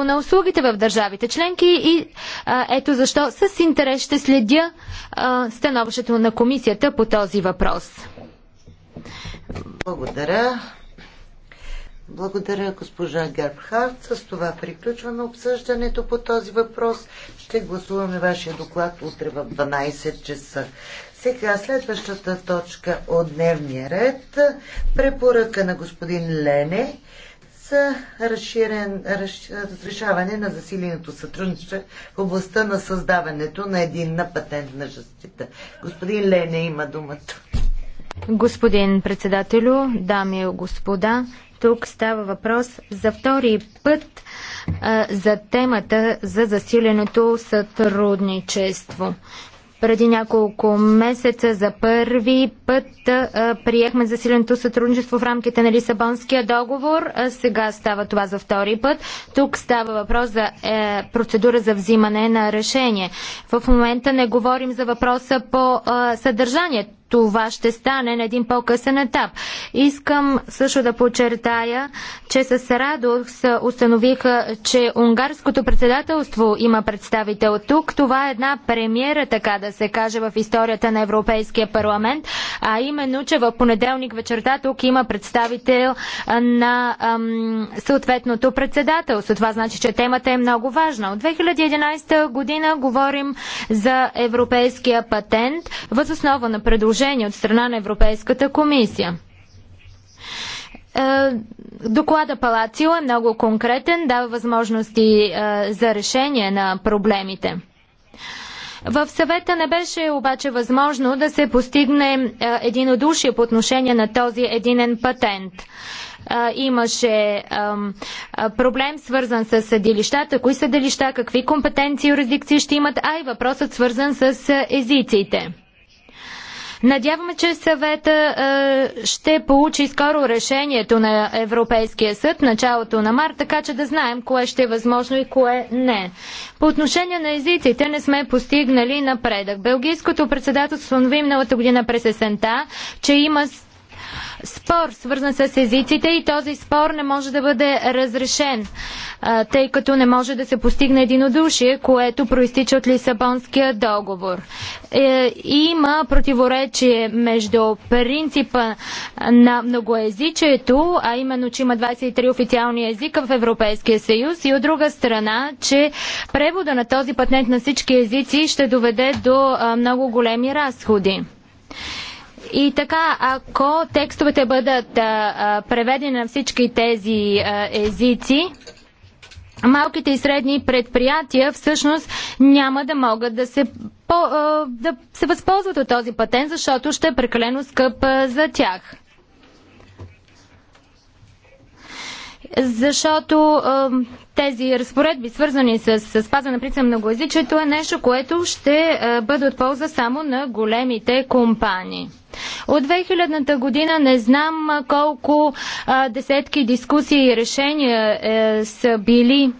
качеството на услугите в държавите членки и а, ето защо с интерес ще следя а, становището на комисията по този въпрос. Благодаря. Благодаря, госпожа Гербхарт. С това приключваме обсъждането по този въпрос. Ще гласуваме вашия доклад утре в 12 часа. Сега следващата точка от дневния ред. Препоръка на господин Лене за разширен, разрешаване на засиленото сътрудничество в областта на създаването на един на патент на защита. Господин Лене има думата. Господин председателю, дами и господа, тук става въпрос за втори път а, за темата за засиленото сътрудничество. Преди няколко месеца за първи път приехме засиленото сътрудничество в рамките на Лисабонския договор. Сега става това за втори път. Тук става въпрос за е, процедура за взимане на решение. В момента не говорим за въпроса по е, съдържание това ще стане на един по-късен етап. Искам също да подчертая, че с радост установиха, че унгарското председателство има представител тук. Това е една премиера, така да се каже, в историята на Европейския парламент, а именно, че в понеделник вечерта тук има представител на ам, съответното председателство. Това значи, че темата е много важна. От 2011 година говорим за европейския патент, възоснова на предложението предложение от страна на Европейската комисия. Е, доклада Палацио е много конкретен, дава възможности е, за решение на проблемите. В съвета не беше обаче възможно да се постигне е, единодушие по отношение на този единен патент. Имаше проблем свързан с съдилищата, кои съдилища, какви компетенции юрисдикции ще имат, а и въпросът свързан с езиците. Надяваме, че съвета е, ще получи скоро решението на Европейския съд началото на март, така че да знаем кое ще е възможно и кое не. По отношение на езиците не сме постигнали напредък. Белгийското председателство установи миналата година през есента, че има спор, свързан с езиците и този спор не може да бъде разрешен, тъй като не може да се постигне единодушие, което проистича от Лисабонския договор. Е, има противоречие между принципа на многоезичието, а именно, че има 23 официални езика в Европейския съюз и от друга страна, че превода на този патент на всички езици ще доведе до много големи разходи. И така, ако текстовете бъдат а, преведени на всички тези а, езици, малките и средни предприятия всъщност няма да могат да се, по, а, да се възползват от този патент, защото ще е прекалено скъп а, за тях. Защото а, тези разпоредби, свързани с, с спазване на принцип на многоязичието, е нещо, което ще е, бъде от полза само на големите компании. От 2000-та година не знам колко а, десетки дискусии и решения е, са били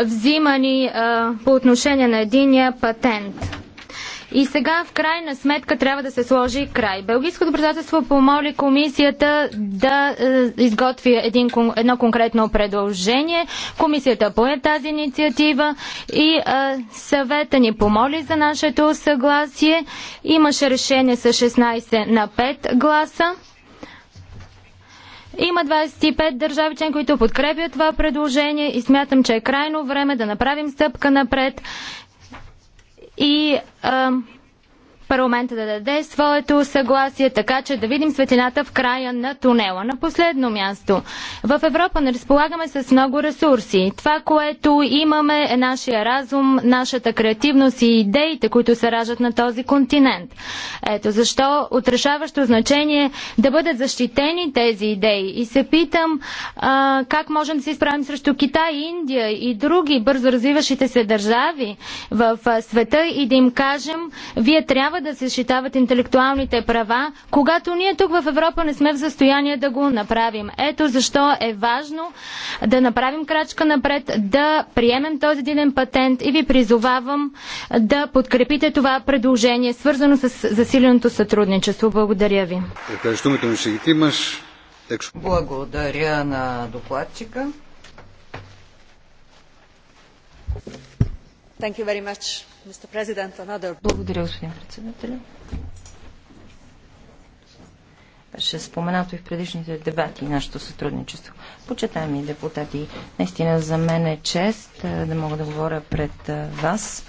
взимани а, по отношение на единия патент. И сега в крайна сметка трябва да се сложи край. Белгийското председателство помоли комисията да е, изготви един, едно конкретно предложение. Комисията пое тази инициатива и е, съвета ни помоли за нашето съгласие. Имаше решение с 16 на 5 гласа. Има 25 държави член, които подкрепят това предложение и смятам, че е крайно време да направим стъпка напред и парламента да даде своето съгласие, така че да видим светлината в края на тунела. На последно място, в Европа не разполагаме с много ресурси. Това, което имаме е нашия разум, нашата креативност и идеите, които се раждат на този континент. Ето защо отрешаващо значение е да бъдат защитени тези идеи. И се питам а, как можем да се изправим срещу Китай, Индия и други бързо развиващите се държави в света и да им кажем, вие трябва да се защитават интелектуалните права, когато ние тук в Европа не сме в състояние да го направим. Ето защо е важно да направим крачка напред, да приемем този единен патент и ви призовавам да подкрепите това предложение, свързано с засиленото сътрудничество. Благодаря ви. Благодаря на докладчика. Благодаря, господин председател. Беше споменато и в предишните дебати нашето сътрудничество. Почитаеми депутати, наистина за мен е чест е, да мога да говоря пред е, вас.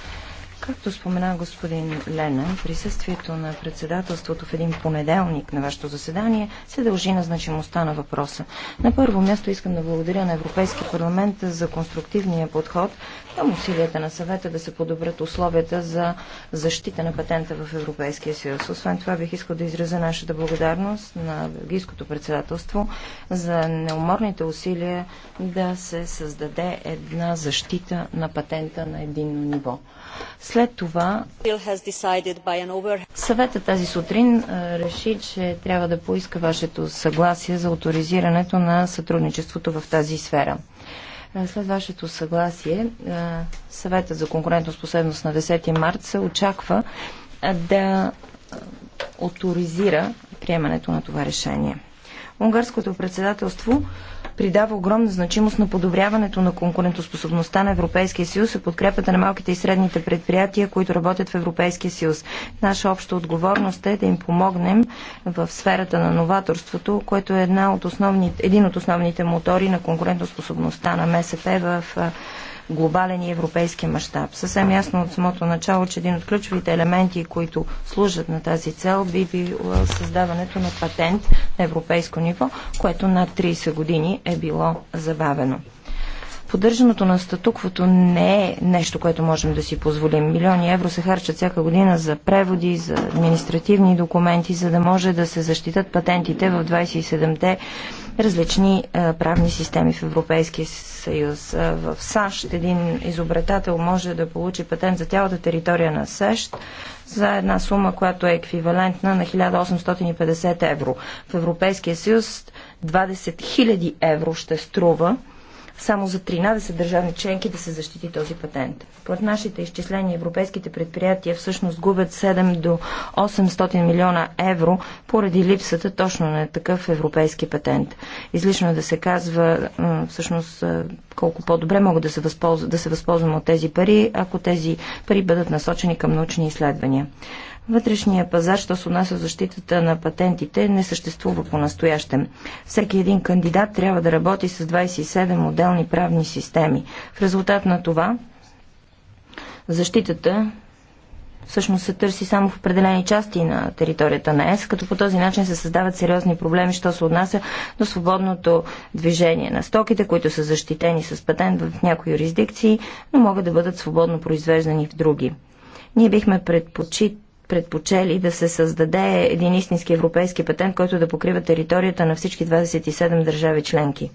Както спомена господин Ленен, присъствието на председателството в един понеделник на вашето заседание се дължи на значимостта на въпроса. На първо място искам да благодаря на Европейския парламент за конструктивния подход, към усилията на съвета да се подобрят условията за защита на патента в Европейския съюз. Освен това бих искал да изразя нашата благодарност на Белгийското председателство за неуморните усилия да се създаде една защита на патента на единно ниво. След това съвета тази сутрин реши, че трябва да поиска вашето съгласие за авторизирането на сътрудничеството в тази сфера. Е, след вашето съгласие, е, съвета за конкурентоспособност на 10 март се очаква е, да авторизира приемането на това решение. Унгарското председателство придава огромна значимост на подобряването на конкурентоспособността на Европейския съюз и подкрепата на малките и средните предприятия, които работят в Европейския съюз. Наша обща отговорност е да им помогнем в сферата на новаторството, което е една от основни, един от основните мотори на конкурентоспособността на МСП в глобален и европейски мащаб. Съвсем ясно от самото начало, че един от ключовите елементи, които служат на тази цел, би било създаването на патент на европейско ниво, което над 30 години е било забавено. Поддържането на статуквото не е нещо, което можем да си позволим. Милиони евро се харчат всяка година за преводи, за административни документи, за да може да се защитат патентите в 27-те различни а, правни системи в Европейския съюз. А, в САЩ един изобретател може да получи патент за цялата територия на САЩ за една сума, която е еквивалентна на 1850 евро. В Европейския съюз 20 000 евро ще струва само за 13 държавни членки да се защити този патент. Според нашите изчисления европейските предприятия всъщност губят 7 до 800 милиона евро поради липсата точно на такъв европейски патент. Излишно е да се казва всъщност колко по-добре могат да се, възползва, да се от тези пари, ако тези пари бъдат насочени към научни изследвания. Вътрешния пазар, що се отнася защитата на патентите, не съществува по-настоящем. Всеки един кандидат трябва да работи с 27 отделни правни системи. В резултат на това, защитата всъщност се търси само в определени части на територията на ЕС, като по този начин се създават сериозни проблеми, що се отнася до свободното движение на стоките, които са защитени с патент в някои юрисдикции, но могат да бъдат свободно произвеждани в други. Ние бихме предпочит предпочели да се създаде един истински европейски патент, който да покрива територията на всички 27 държави членки.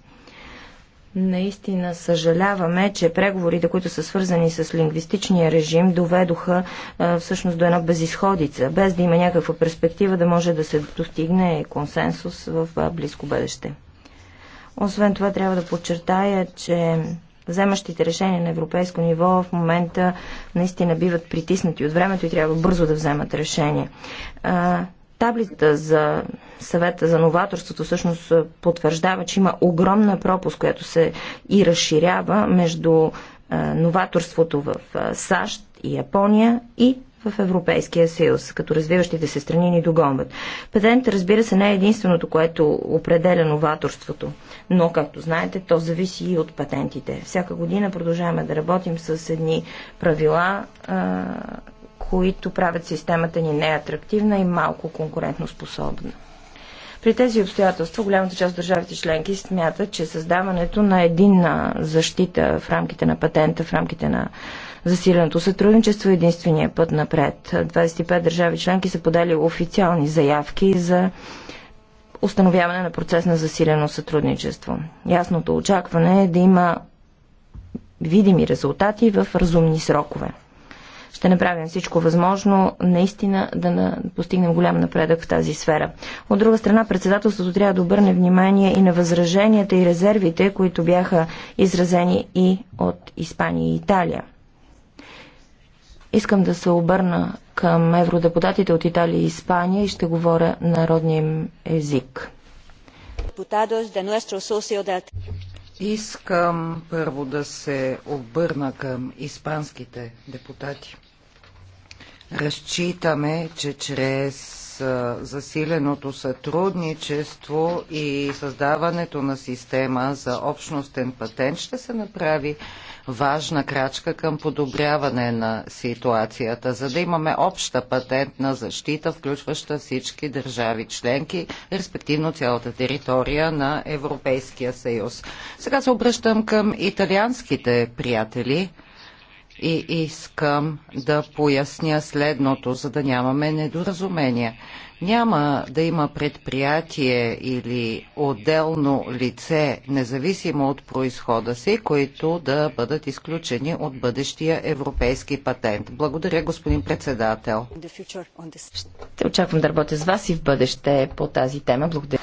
Наистина съжаляваме, че преговорите, които са свързани с лингвистичния режим, доведоха а, всъщност до една безисходица, без да има някаква перспектива да може да се достигне консенсус в близко бъдеще. Освен това трябва да подчертая, че вземащите решения на европейско ниво в момента наистина биват притиснати от времето и трябва бързо да вземат решение. Таблицата за съвета за новаторството всъщност потвърждава, че има огромна пропуск, която се и разширява между новаторството в САЩ и Япония и в Европейския съюз, като развиващите се страни ни догонват. Патент, разбира се, не е единственото, което определя новаторството, но, както знаете, то зависи и от патентите. Всяка година продължаваме да работим с едни правила, които правят системата ни неатрактивна и малко конкурентно способна. При тези обстоятелства голямата част от държавите членки смятат, че създаването на единна защита в рамките на патента, в рамките на Засиленото сътрудничество е единствения път напред. 25 държави членки са подали официални заявки за установяване на процес на засилено сътрудничество. Ясното очакване е да има видими резултати в разумни срокове. Ще направим всичко възможно наистина да постигнем голям напредък в тази сфера. От друга страна, председателството трябва да обърне внимание и на възраженията и резервите, които бяха изразени и от Испания и Италия. Искам да се обърна към евродепутатите от Италия и Испания и ще говоря народния им език. Искам първо да се обърна към испанските депутати. Разчитаме, че чрез засиленото сътрудничество и създаването на система за общностен патент ще се направи важна крачка към подобряване на ситуацията, за да имаме обща патентна защита, включваща всички държави членки, респективно цялата територия на Европейския съюз. Сега се обръщам към италианските приятели и искам да поясня следното, за да нямаме недоразумение. Няма да има предприятие или отделно лице, независимо от происхода си, които да бъдат изключени от бъдещия европейски патент. Благодаря, господин председател. Ще очаквам да работя с вас и в бъдеще по тази тема. Благодаря.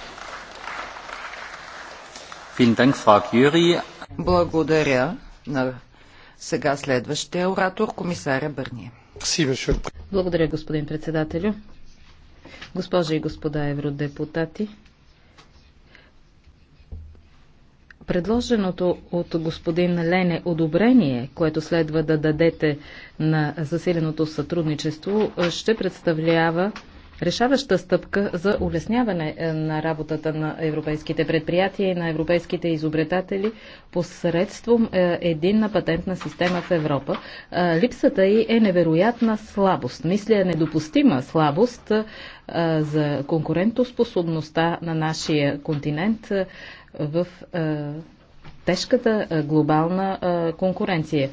Благодаря на сега следващия оратор, комисаря Бърния. Благодаря, господин председателю. Госпожи и господа евродепутати, Предложеното от господин Лене одобрение, което следва да дадете на засиленото сътрудничество, ще представлява решаваща стъпка за улесняване е, на работата на европейските предприятия и на европейските изобретатели посредством е, единна патентна система в Европа. Е, липсата й е невероятна слабост, мисля недопустима слабост за конкурентоспособността на нашия континент в тежката глобална конкуренция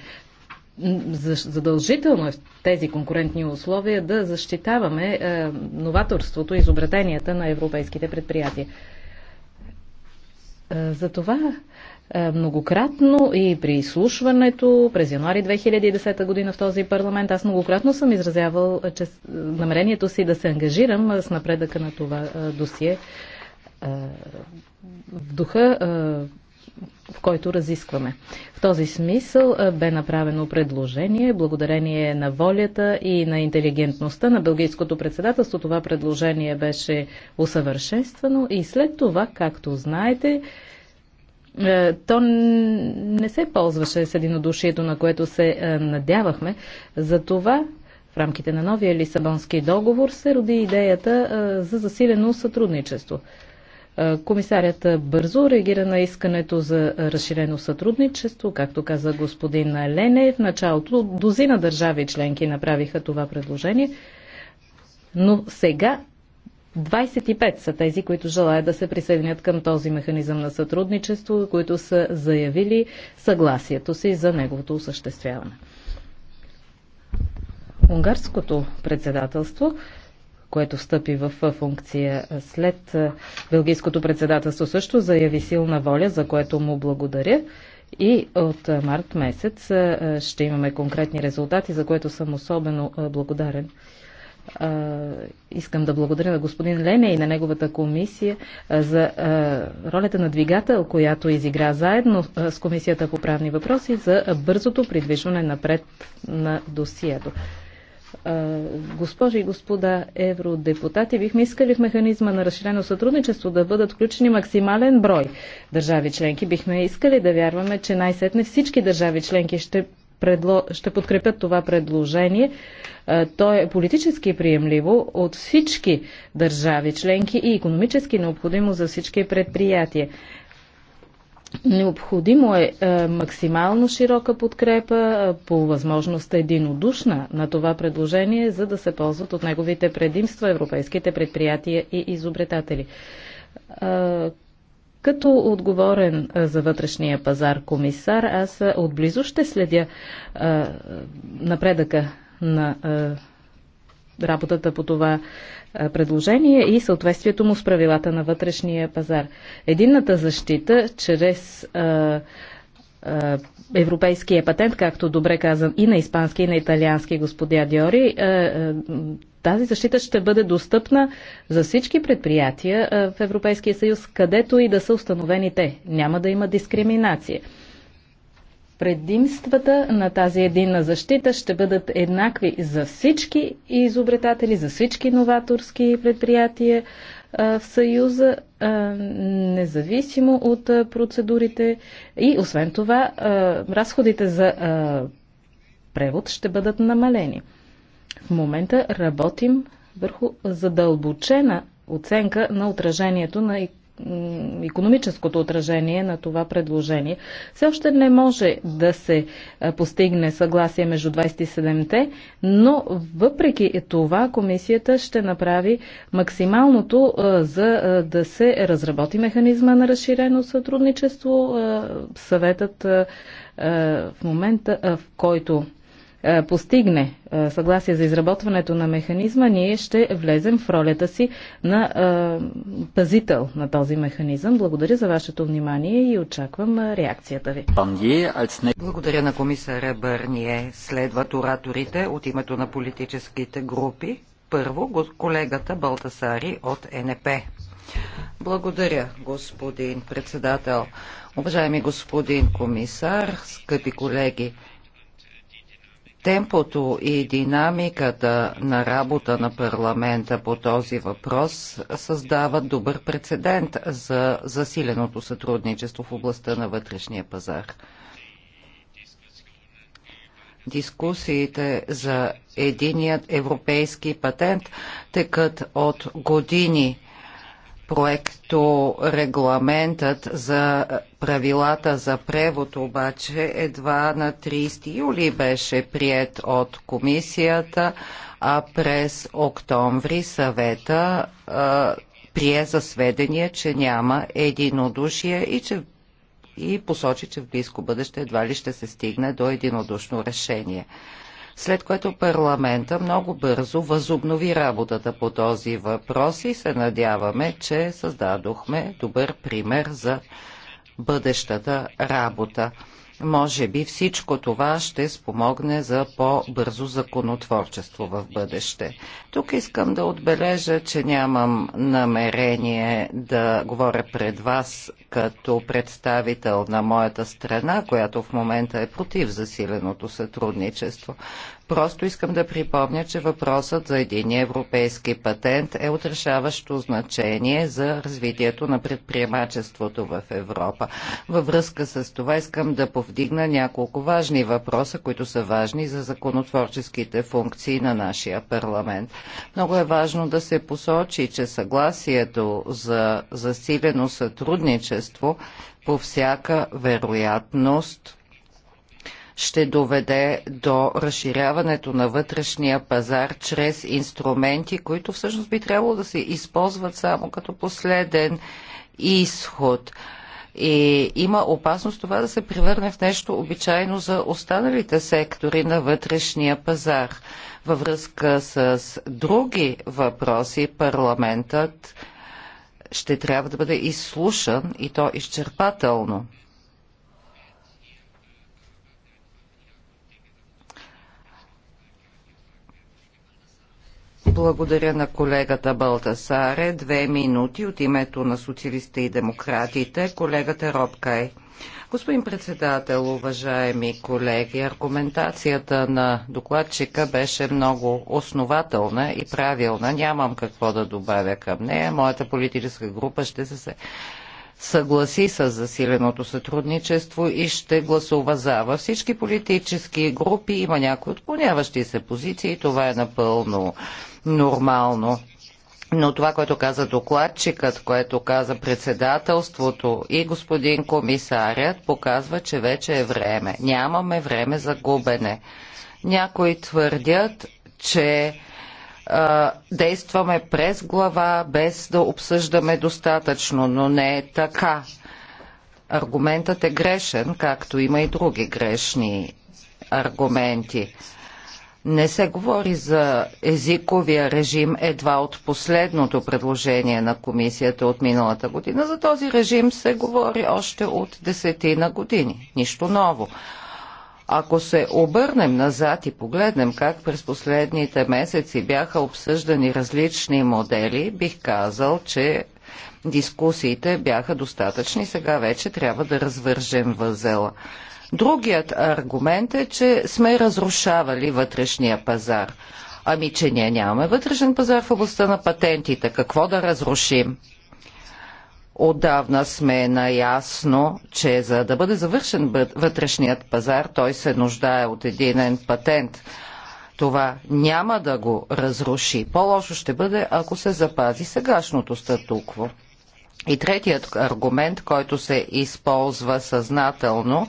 задължително е в тези конкурентни условия да защитаваме е, новаторството и изобретенията на европейските предприятия. Е, затова е, многократно и при изслушването през януари 2010 година в този парламент аз многократно съм изразявал че намерението си да се ангажирам с напредъка на това досие в духа в който разискваме. В този смисъл бе направено предложение, благодарение на волята и на интелигентността на Белгийското председателство. Това предложение беше усъвършенствано и след това, както знаете, то не се ползваше с единодушието, на което се надявахме. Затова в рамките на новия Лисабонски договор се роди идеята за засилено сътрудничество. Е, комисарят бързо реагира на искането за разширено сътрудничество, както каза господин Лене. В началото дозина държави членки направиха това предложение, но сега 25 са тези, които желаят да се присъединят към този механизъм на сътрудничество, които са заявили съгласието си за неговото осъществяване. Унгарското председателство което встъпи в функция след Белгийското председателство, също заяви силна воля, за което му благодаря. И от март месец ще имаме конкретни резултати, за което съм особено благодарен. Искам да благодаря на господин Лене и на неговата комисия за ролята на двигател, която изигра заедно с Комисията по правни въпроси за бързото придвижване напред на досието госпожи и господа евродепутати, бихме искали в механизма на разширено сътрудничество да бъдат включени максимален брой държави членки. Бихме искали да вярваме, че най-сетне всички държави членки ще предло... ще подкрепят това предложение. То е политически приемливо от всички държави членки и економически необходимо за всички предприятия. Необходимо е, е максимално широка подкрепа, е, по възможност единодушна на това предложение, за да се ползват от неговите предимства европейските предприятия и изобретатели. Е, като отговорен е, за вътрешния пазар комисар, аз е, отблизо ще следя напредъка на работата по това предложение и съответствието му с правилата на вътрешния пазар. Единната защита чрез европейския патент, както добре казан и на испански, и на италиански господя Диори, тази защита ще бъде достъпна за всички предприятия в Европейския съюз, където и да са установени те. Няма да има дискриминация. Предимствата на тази единна защита ще бъдат еднакви за всички изобретатели, за всички новаторски предприятия в Съюза, независимо от процедурите. И освен това, разходите за превод ще бъдат намалени. В момента работим върху задълбочена оценка на отражението на економическото отражение на това предложение. Все още не може да се постигне съгласие между 27-те, но въпреки това комисията ще направи максималното за да се разработи механизма на разширено сътрудничество. Съветът в момента, в който е, постигне е, съгласие за изработването на механизма, ние ще влезем в ролята си на е, пазител на този механизъм. Благодаря за вашето внимание и очаквам реакцията ви. Благодаря на комисаря Бърние. Следват ораторите от името на политическите групи. Първо колегата Балтасари от НП. Благодаря, господин председател. Уважаеми господин комисар, скъпи колеги, Темпото и динамиката на работа на парламента по този въпрос създават добър прецедент за засиленото сътрудничество в областта на вътрешния пазар. Дискусиите за единият европейски патент текат от години – проекто регламентът за правилата за превод обаче едва на 30 юли беше прият от комисията, а през октомври съвета а, прие за сведение, че няма единодушие и че и посочи, че в близко бъдеще едва ли ще се стигне до единодушно решение след което парламента много бързо възобнови работата по този въпрос и се надяваме, че създадохме добър пример за бъдещата работа. Може би всичко това ще спомогне за по-бързо законотворчество в бъдеще. Тук искам да отбележа, че нямам намерение да говоря пред вас като представител на моята страна, която в момента е против засиленото сътрудничество. Просто искам да припомня, че въпросът за един европейски патент е отрешаващо значение за развитието на предприемачеството в Европа. Във връзка с това искам да повдигна няколко важни въпроса, които са важни за законотворческите функции на нашия парламент. Много е важно да се посочи, че съгласието за засилено сътрудничество по всяка вероятност ще доведе до разширяването на вътрешния пазар чрез инструменти, които всъщност би трябвало да се използват само като последен изход. И има опасност това да се превърне в нещо обичайно за останалите сектори на вътрешния пазар. Във връзка с други въпроси парламентът ще трябва да бъде изслушан и то изчерпателно. Благодаря на колегата Балтасаре. Две минути от името на социалистите и демократите. Колегата Робкай. Господин председател, уважаеми колеги, аргументацията на докладчика беше много основателна и правилна. Нямам какво да добавя към нея. Моята политическа група ще се съгласи с засиленото сътрудничество и ще гласува за. Във всички политически групи има някои отклоняващи се позиции. Това е напълно нормално. Но това, което каза докладчикът, което каза председателството и господин комисарят, показва, че вече е време. Нямаме време за губене. Някои твърдят, че действаме през глава, без да обсъждаме достатъчно, но не е така. Аргументът е грешен, както има и други грешни аргументи. Не се говори за езиковия режим едва от последното предложение на комисията от миналата година. За този режим се говори още от десетина години. Нищо ново. Ако се обърнем назад и погледнем как през последните месеци бяха обсъждани различни модели, бих казал, че дискусиите бяха достатъчни. Сега вече трябва да развържем възела. Другият аргумент е, че сме разрушавали вътрешния пазар. Ами, че ние нямаме вътрешен пазар в областта на патентите. Какво да разрушим? Отдавна сме наясно, че за да бъде завършен вътрешният пазар, той се нуждае от единен патент. Това няма да го разруши. По-лошо ще бъде, ако се запази сегашното статукво. И третият аргумент, който се използва съзнателно,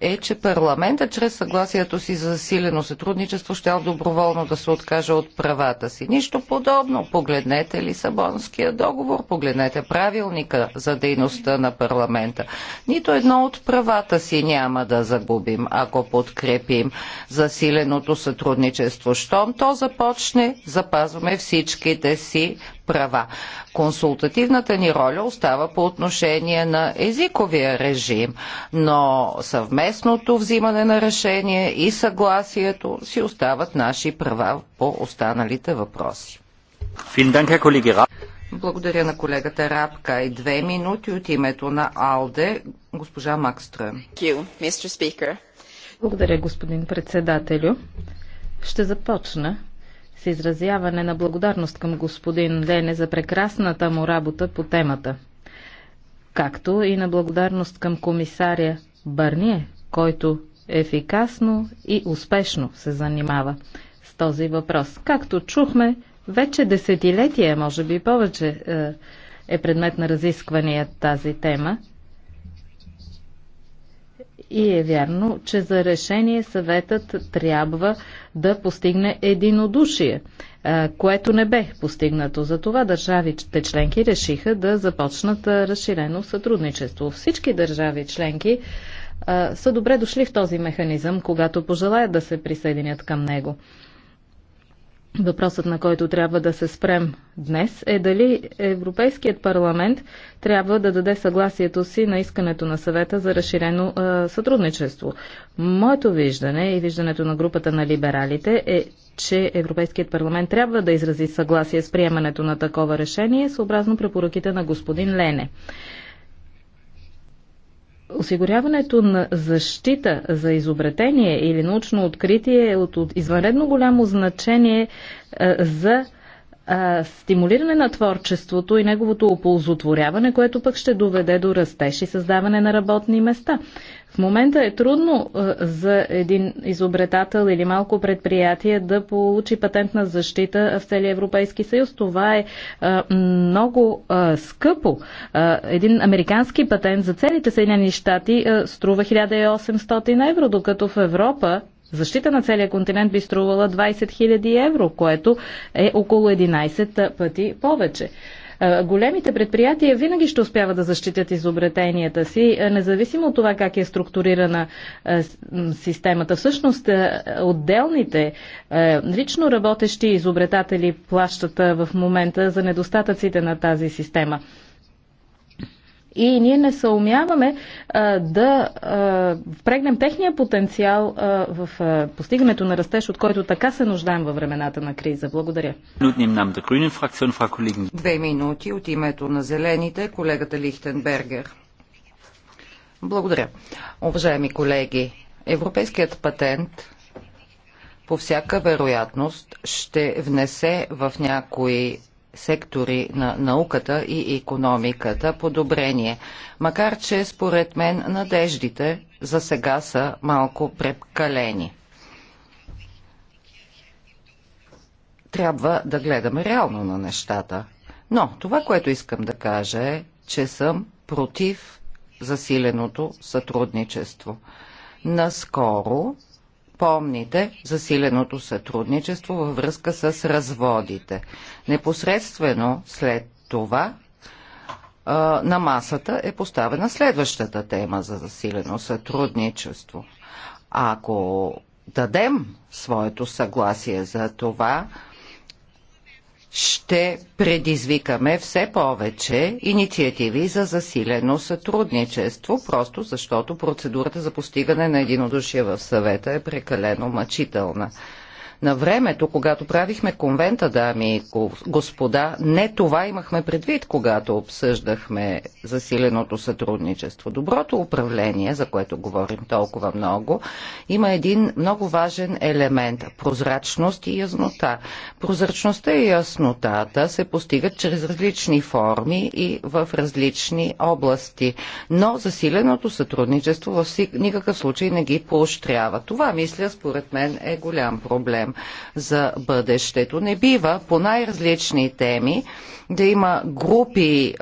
е, че парламентът чрез съгласието си за засилено сътрудничество ще доброволно да се откаже от правата си. Нищо подобно. Погледнете Лисабонския договор, погледнете правилника за дейността на парламента. Нито едно от правата си няма да загубим, ако подкрепим засиленото сътрудничество. Щом то започне, запазваме всичките си права. Консултативната ни роля остава по отношение на езиковия режим, но съвместното взимане на решение и съгласието си остават наши права по останалите въпроси. Благодаря на колегата Рапка и две минути от името на АЛДЕ, госпожа Макстрем. Благодаря, господин председателю. Ще започна с изразяване на благодарност към господин Лене за прекрасната му работа по темата, както и на благодарност към комисаря Бърние, който ефикасно и успешно се занимава с този въпрос. Както чухме, вече десетилетия, може би повече, е, е предмет на разисквания тази тема и е вярно, че за решение съветът трябва да постигне единодушие, което не бе постигнато. Затова държавите членки решиха да започнат разширено сътрудничество. Всички държави членки са добре дошли в този механизъм, когато пожелаят да се присъединят към него. Въпросът, на който трябва да се спрем днес, е дали Европейският парламент трябва да даде съгласието си на искането на съвета за разширено е, сътрудничество. Моето виждане и виждането на групата на либералите е, че Европейският парламент трябва да изрази съгласие с приемането на такова решение, съобразно препоръките на господин Лене. Осигуряването на защита за изобретение или научно откритие е от, от извънредно голямо значение за а, стимулиране на творчеството и неговото оползотворяване, което пък ще доведе до растеж и създаване на работни места. В момента е трудно а, за един изобретател или малко предприятие да получи патентна защита в целия Европейски съюз. Това е а, много а, скъпо. А, един американски патент за целите Съединени щати а, струва 1800 евро, докато в Европа защита на целия континент би струвала 20 000 евро, което е около 11 пъти повече. Големите предприятия винаги ще успяват да защитят изобретенията си, независимо от това как е структурирана системата. Всъщност, отделните лично работещи изобретатели плащат в момента за недостатъците на тази система. И ние не съумяваме а, да а, впрегнем техния потенциал а, в а, постигането на растеж, от който така се нуждаем във времената на криза. Благодаря. Две минути от името на Зелените, колегата Лихтенбергер. Благодаря. Уважаеми колеги, европейският патент по всяка вероятност ще внесе в някои сектори на науката и економиката подобрение. Макар, че според мен надеждите за сега са малко прекалени. Трябва да гледаме реално на нещата. Но това, което искам да кажа е, че съм против засиленото сътрудничество. Наскоро помните засиленото сътрудничество във връзка с разводите. Непосредствено след това на масата е поставена следващата тема за засилено сътрудничество. Ако дадем своето съгласие за това, ще предизвикаме все повече инициативи за засилено сътрудничество, просто защото процедурата за постигане на единодушие в съвета е прекалено мъчителна. На времето, когато правихме конвента, дами и господа, не това имахме предвид, когато обсъждахме засиленото сътрудничество. Доброто управление, за което говорим толкова много, има един много важен елемент – прозрачност и яснота. Прозрачността и яснотата се постигат чрез различни форми и в различни области, но засиленото сътрудничество в никакъв случай не ги поощрява. Това, мисля, според мен е голям проблем проблем за бъдещето. Не бива по най-различни теми да има групи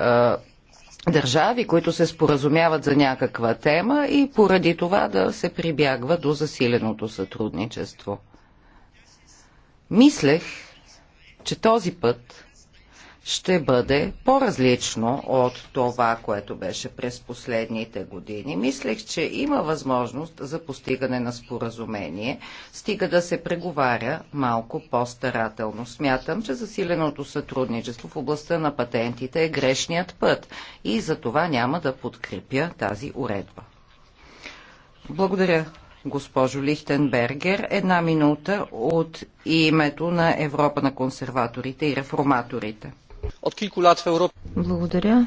държави, които се споразумяват за някаква тема и поради това да се прибягва до засиленото сътрудничество. Мислех, че този път ще бъде по-различно от това, което беше през последните години. Мислех, че има възможност за постигане на споразумение, стига да се преговаря малко по-старателно. Смятам, че засиленото сътрудничество в областта на патентите е грешният път и за това няма да подкрепя тази уредба. Благодаря, госпожо Лихтенбергер. Една минута от името на Европа на консерваторите и реформаторите. От в Европа. Благодаря.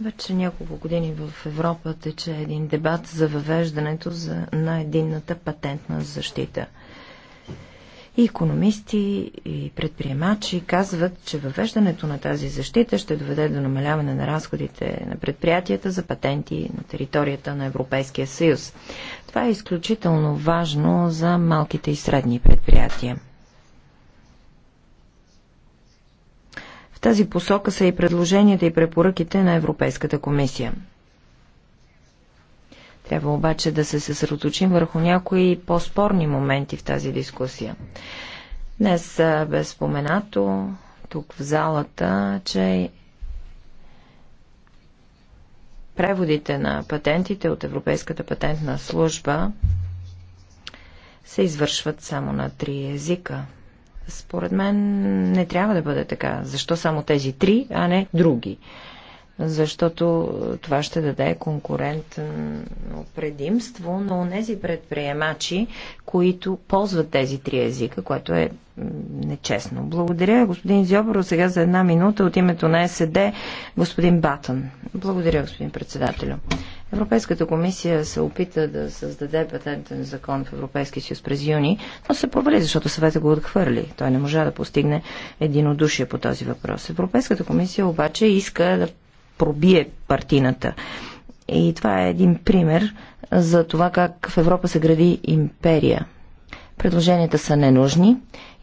Вече няколко години в Европа тече един дебат за въвеждането за, на единната патентна защита. И економисти, и предприемачи казват, че въвеждането на тази защита ще доведе до намаляване на разходите на предприятията за патенти на територията на Европейския съюз. Това е изключително важно за малките и средни предприятия. тази посока са и предложенията и препоръките на Европейската комисия. Трябва обаче да се съсредоточим върху някои по-спорни моменти в тази дискусия. Днес бе споменато тук в залата, че преводите на патентите от Европейската патентна служба се извършват само на три езика според мен не трябва да бъде така. Защо само тези три, а не други? Защото това ще даде конкурентно предимство на тези предприемачи, които ползват тези три езика, което е нечестно. Благодаря, господин Зьобро. Сега за една минута от името на СД господин Батън. Благодаря, господин председателю. Европейската комисия се опита да създаде патентен закон в Европейския съюз през юни, но се провали, защото съвета го отхвърли. Той не можа да постигне единодушие по този въпрос. Европейската комисия обаче иска да пробие партината. И това е един пример за това как в Европа се гради империя. Предложенията са ненужни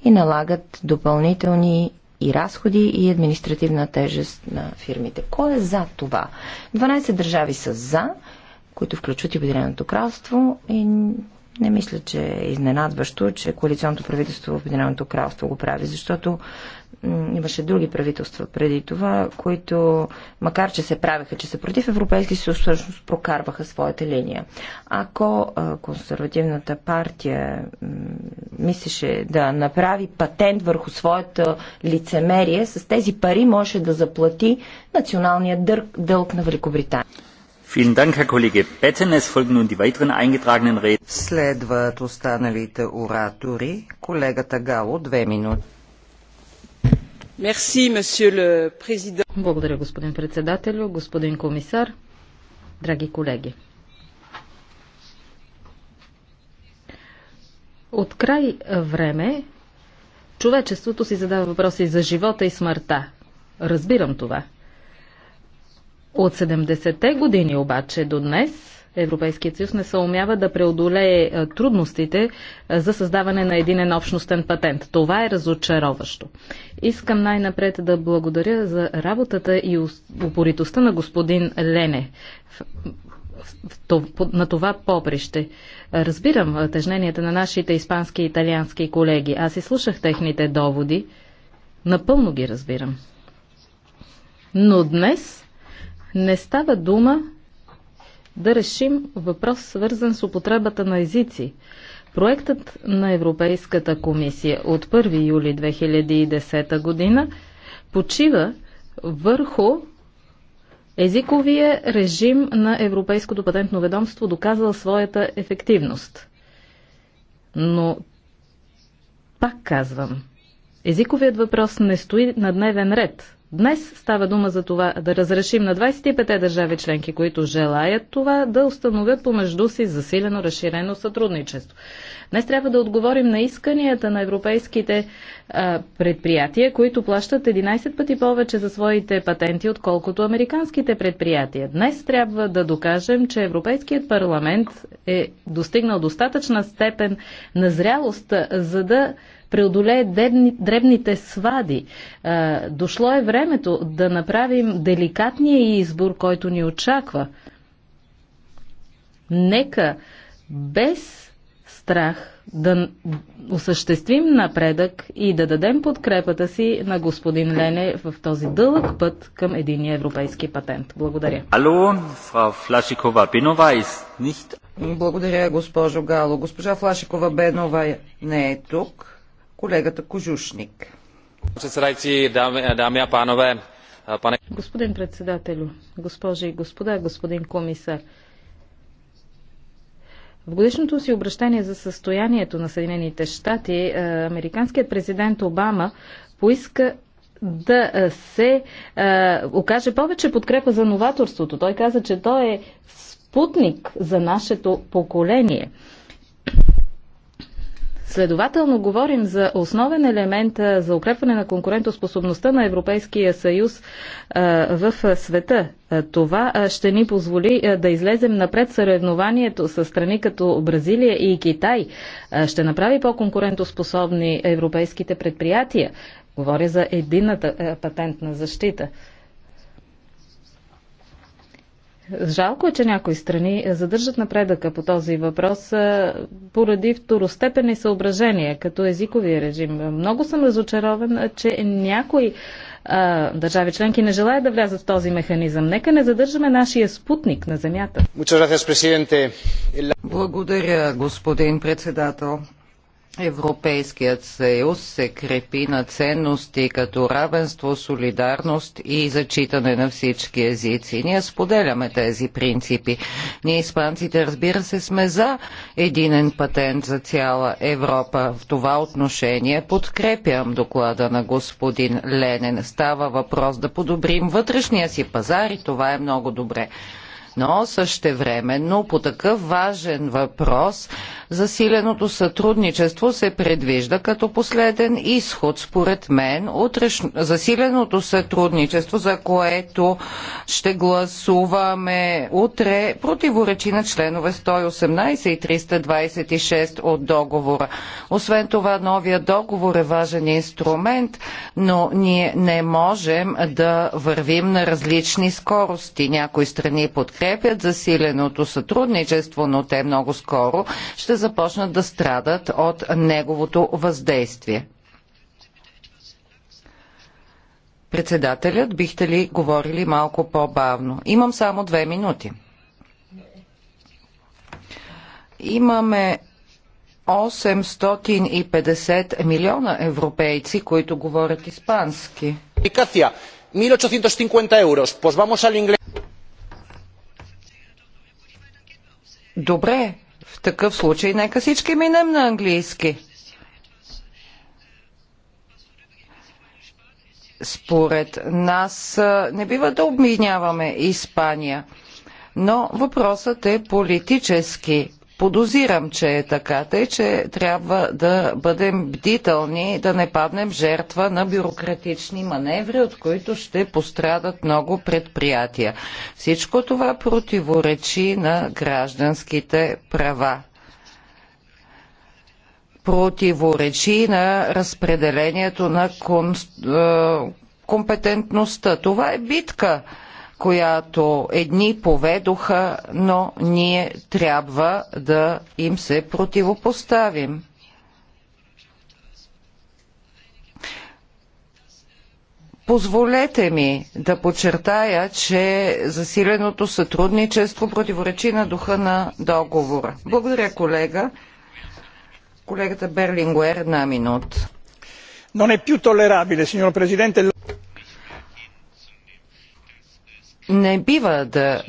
и налагат допълнителни и разходи и административна тежест на фирмите. Кой е за това? 12 държави са за, които включват и Обединеното кралство и не мисля, че е изненадващо, че коалиционното правителство в Обединеното кралство го прави, защото имаше други правителства преди това, които, макар че се правеха, че са против Европейски съюз, всъщност прокарваха своята линия. Ако консервативната партия мислеше да направи патент върху своята лицемерие, с тези пари може да заплати националния дълг, дълг на Великобритания. Следват останалите оратори. Колегата Гало, две минути. Благодаря, господин председателю, господин комисар, драги колеги. От край време човечеството си задава въпроси за живота и смъртта. Разбирам това. От 70-те години обаче до днес Европейският съюз не съумява да преодолее трудностите за създаване на един общностен патент. Това е разочароващо. Искам най-напред да благодаря за работата и упоритостта на господин Лене на това поприще. Разбирам тежненията на нашите испански и италиански колеги. Аз и слушах техните доводи. Напълно ги разбирам. Но днес не става дума да решим въпрос, свързан с употребата на езици. Проектът на Европейската комисия от 1 юли 2010 година почива върху езиковия режим на Европейското патентно ведомство, доказал своята ефективност. Но пак казвам, езиковият въпрос не стои на дневен ред Днес става дума за това да разрешим на 25-те държави членки, които желаят това, да установят помежду си засилено разширено сътрудничество. Днес трябва да отговорим на исканията на европейските а, предприятия, които плащат 11 пъти повече за своите патенти, отколкото американските предприятия. Днес трябва да докажем, че Европейският парламент е достигнал достатъчна степен на зрялост, за да преодолее дребните свади. Дошло е времето да направим деликатния избор, който ни очаква. Нека без страх да осъществим напредък и да дадем подкрепата си на господин Лене в този дълъг път към единия европейски патент. Благодаря. Ало, фрау Флашикова Бенова нихт. Благодаря, госпожо Гало. Госпожа Флашикова Бенова не е тук колегата Кожушник. Господин председателю, госпожи и господа, господин комисар, в годишното си обращение за състоянието на Съединените щати, е, американският президент Обама поиска да е, се е, окаже повече подкрепа за новаторството. Той каза, че той е спутник за нашето поколение. Следователно говорим за основен елемент за укрепване на конкурентоспособността на Европейския съюз в света. Това ще ни позволи да излезем напред съревнованието с страни като Бразилия и Китай. Ще направи по-конкурентоспособни европейските предприятия. Говоря за едината патентна защита. Жалко е, че някои страни задържат напредъка по този въпрос поради второстепени съображения, като езиковия режим. Много съм разочарован, че някои а, държави членки не желаят да влязат в този механизъм. Нека не задържаме нашия спутник на земята. Благодаря, господин председател. Европейският съюз се крепи на ценности като равенство, солидарност и зачитане на всички езици. Ние споделяме тези принципи. Ние, испанците, разбира се, сме за единен патент за цяла Европа. В това отношение подкрепям доклада на господин Ленен. Става въпрос да подобрим вътрешния си пазар и това е много добре но същевременно по такъв важен въпрос засиленото сътрудничество се предвижда като последен изход. Според мен утреш... засиленото сътрудничество, за което ще гласуваме утре, противоречи на членове 118 и 326 от договора. Освен това, новия договор е важен инструмент, но ние не можем да вървим на различни скорости. Някои страни подкрепят подкрепят засиленото сътрудничество, но те много скоро ще започнат да страдат от неговото въздействие. Председателят, бихте ли говорили малко по-бавно? Имам само две минути. Имаме 850 милиона европейци, които говорят испански. 1850 евро. Pues vamos al inglés. Добре, в такъв случай нека всички минем на английски. Според нас не бива да обминяваме Испания, но въпросът е политически Подозирам, че е така, тъй че трябва да бъдем бдителни, да не паднем жертва на бюрократични маневри, от които ще пострадат много предприятия. Всичко това противоречи на гражданските права противоречи на разпределението на кон... Е, компетентността. Това е битка която едни поведоха, но ние трябва да им се противопоставим. Позволете ми да подчертая, че засиленото сътрудничество противоречи на духа на договора. Благодаря, колега. Колегата Берлингуер, една минут. Non è più tollerabile, signor Presidente. Не бива да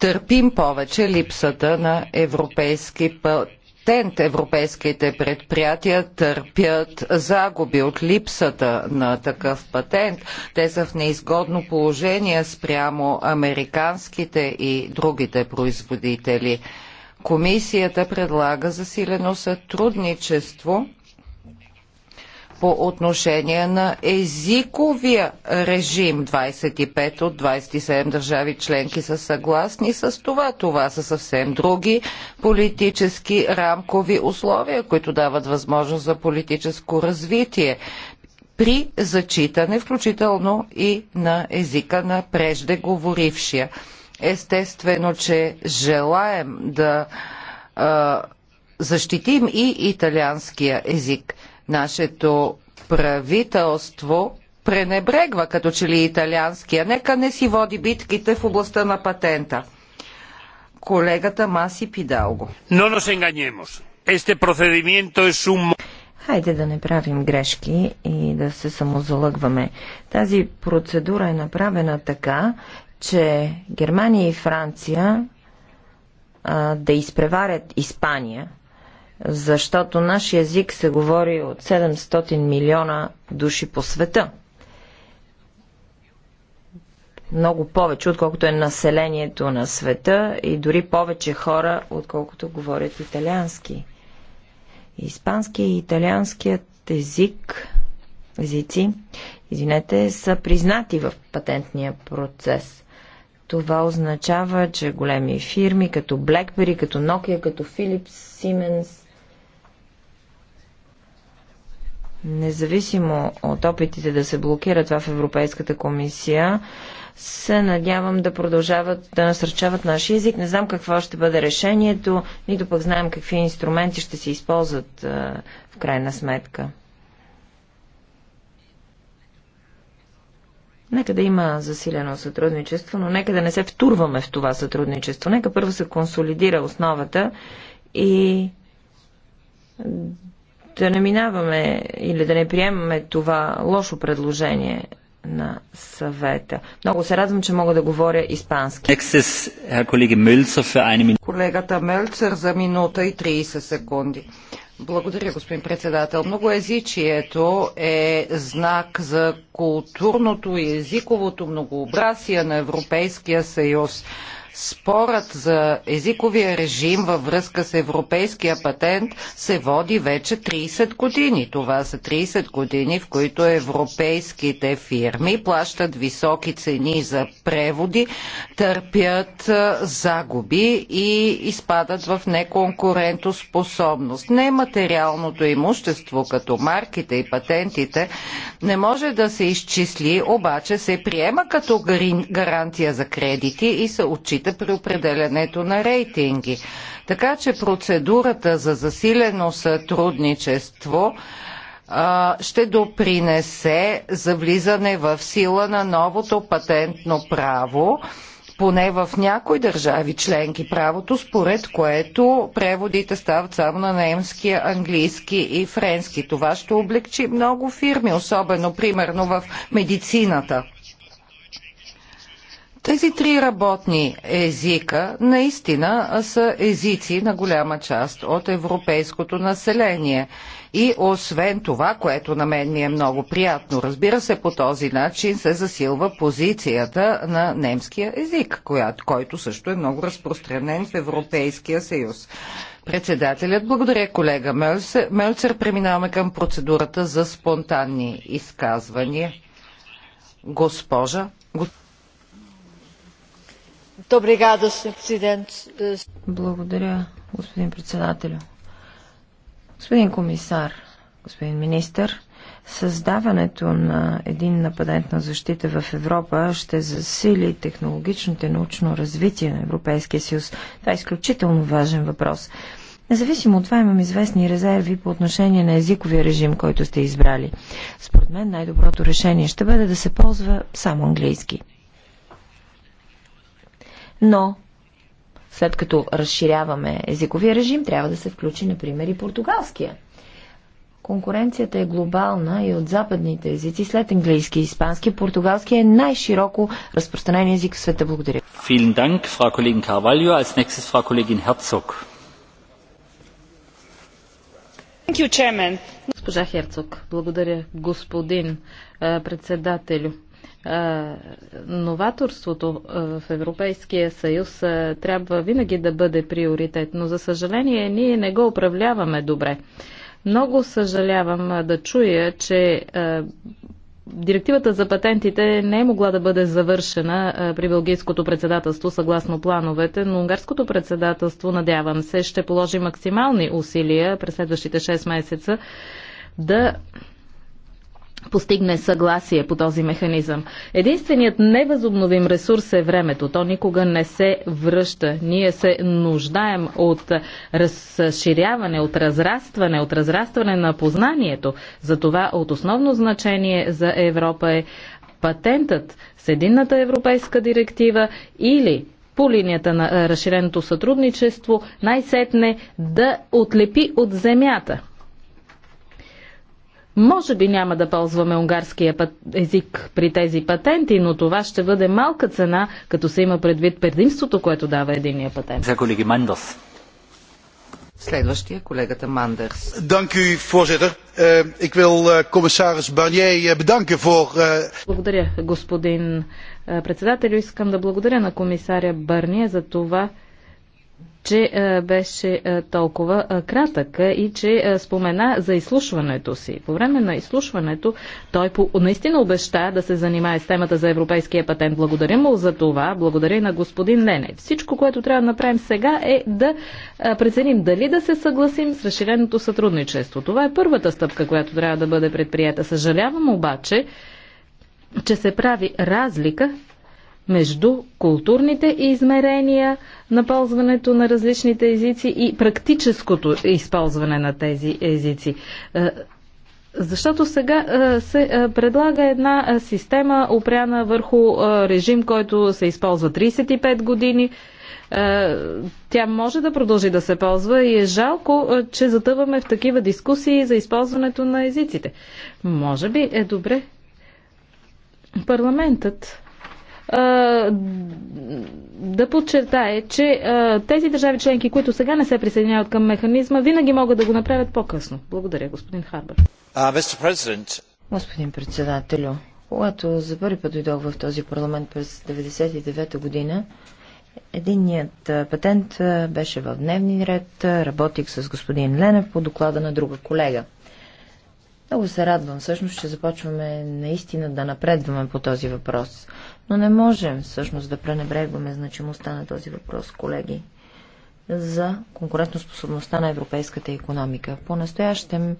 търпим повече липсата на европейски патент европейските предприятия търпят загуби от липсата на такъв патент. Те са в неизгодно положение спрямо американските и другите производители. Комисията предлага засилено сътрудничество по отношение на езиковия режим. 25 от 27 държави членки са съгласни с това. Това са съвсем други политически рамкови условия, които дават възможност за политическо развитие при зачитане, включително и на езика на преждеговорившия. Естествено, че желаем да а, защитим и италианския език. Нашето правителство пренебрегва като че ли италианския. Нека не си води битките в областта на патента. Колегата Маси Пидалго. Но nos engañemos. Este procedimiento es un... Хайде да не правим грешки и да се самозалъгваме. Тази процедура е направена така, че Германия и Франция а, да изпреварят Испания – защото нашия език се говори от 700 милиона души по света. Много повече, отколкото е населението на света и дори повече хора, отколкото говорят италиански. Испански и италианският език, езици, извинете, са признати в патентния процес – това означава, че големи фирми като BlackBerry, като Nokia, като Philips, Siemens независимо от опитите да се блокира това в Европейската комисия, се надявам да продължават да насърчават нашия език. Не знам какво ще бъде решението, нито пък знаем какви инструменти ще се използват в крайна сметка. Нека да има засилено сътрудничество, но нека да не се втурваме в това сътрудничество. Нека първо се консолидира основата и да не минаваме или да не приемаме това лошо предложение на съвета. Много се радвам, че мога да говоря испански. Колегата Мелцер за минута и 30 секунди. Благодаря, господин председател. Многоязичието е знак за културното и езиковото многообразие на Европейския съюз. Спорът за езиковия режим във връзка с европейския патент се води вече 30 години. Това са 30 години, в които европейските фирми плащат високи цени за преводи, търпят загуби и изпадат в неконкурентоспособност. Нематериалното имущество, като марките и патентите, не може да се изчисли, обаче се приема като гаранция за кредити и се отчита сте при определенето на рейтинги. Така че процедурата за засилено сътрудничество ще допринесе за влизане в сила на новото патентно право, поне в някои държави членки правото, според което преводите стават само на немски, английски и френски. Това ще облегчи много фирми, особено примерно в медицината. Тези три работни езика наистина са езици на голяма част от европейското население. И освен това, което на мен ми е много приятно, разбира се, по този начин се засилва позицията на немския език, който също е много разпространен в Европейския съюз. Председателят, благодаря колега Мелцер. преминаваме към процедурата за спонтанни изказвания. Госпожа. Благодаря, господин председател. Господин комисар, господин министър, създаването на един нападент на защита в Европа ще засили технологичното и научно развитие на Европейския съюз. Това е изключително важен въпрос. Независимо от това имам известни резерви по отношение на езиковия режим, който сте избрали. Според мен най-доброто решение ще бъде да се ползва само английски но след като разширяваме езиковия режим, трябва да се включи, например, и португалския. Конкуренцията е глобална и от западните езици, след английски и испански, португалски е най-широко разпространен език в света. Благодаря. Филин данк, фра колегин Карвалио, а nächstes Frau Kollegin Herzog. Thank Госпожа Херцог, благодаря, господин председателю новаторството в Европейския съюз трябва винаги да бъде приоритет, но за съжаление ние не го управляваме добре. Много съжалявам да чуя, че Директивата за патентите не е могла да бъде завършена при Белгийското председателство съгласно плановете, но Унгарското председателство, надявам се, ще положи максимални усилия през следващите 6 месеца да постигне съгласие по този механизъм. Единственият невъзобновим ресурс е времето. То никога не се връща. Ние се нуждаем от разширяване, от разрастване, от разрастване на познанието. Затова от основно значение за Европа е патентът с единната европейска директива или по линията на разширеното сътрудничество най-сетне да отлепи от земята може би няма да ползваме унгарския път, език при тези патенти, но това ще бъде малка цена, като се има предвид предимството, което дава единия патент. За колеги Мандос. Следващия колегата Мандерс. Dank u, voorzitter. Eh, ik wil eh, commissaris Barnier eh, bedanken voor... Благодаря, господин председател, Искам да благодаря на комисаря Барния за това, че е, беше е, толкова е, кратък и че спомена за изслушването си. По време на изслушването той по, наистина обеща да се занимае с темата за европейския патент. Благодаря му за това. Благодаря и на господин Лене. Всичко, което трябва да направим сега е да преценим дали да се съгласим с разширеното сътрудничество. Това е първата стъпка, която трябва да бъде предприята. Съжалявам обаче, че се прави разлика между културните измерения на ползването на различните езици и практическото използване на тези езици. Е, защото сега е, се е, предлага една система, опряна върху режим, който се използва 35 години. Тя може да продължи да се ползва и е жалко, че затъваме в такива дискусии за използването на езиците. Може би е добре парламентът да подчертае, че тези държави членки, които сега не се присъединяват към механизма, винаги могат да го направят по-късно. Благодаря, господин Харбър. господин председателю, когато за първи път дойдох в този парламент през 1999 година, Единият патент беше в дневни ред. Работих с господин Ленев по доклада на друга колега. Много се радвам всъщност, че започваме наистина да напредваме по този въпрос. Но не можем всъщност да пренебрегваме значимостта на този въпрос, колеги, за конкурентоспособността на европейската економика. По-настоящем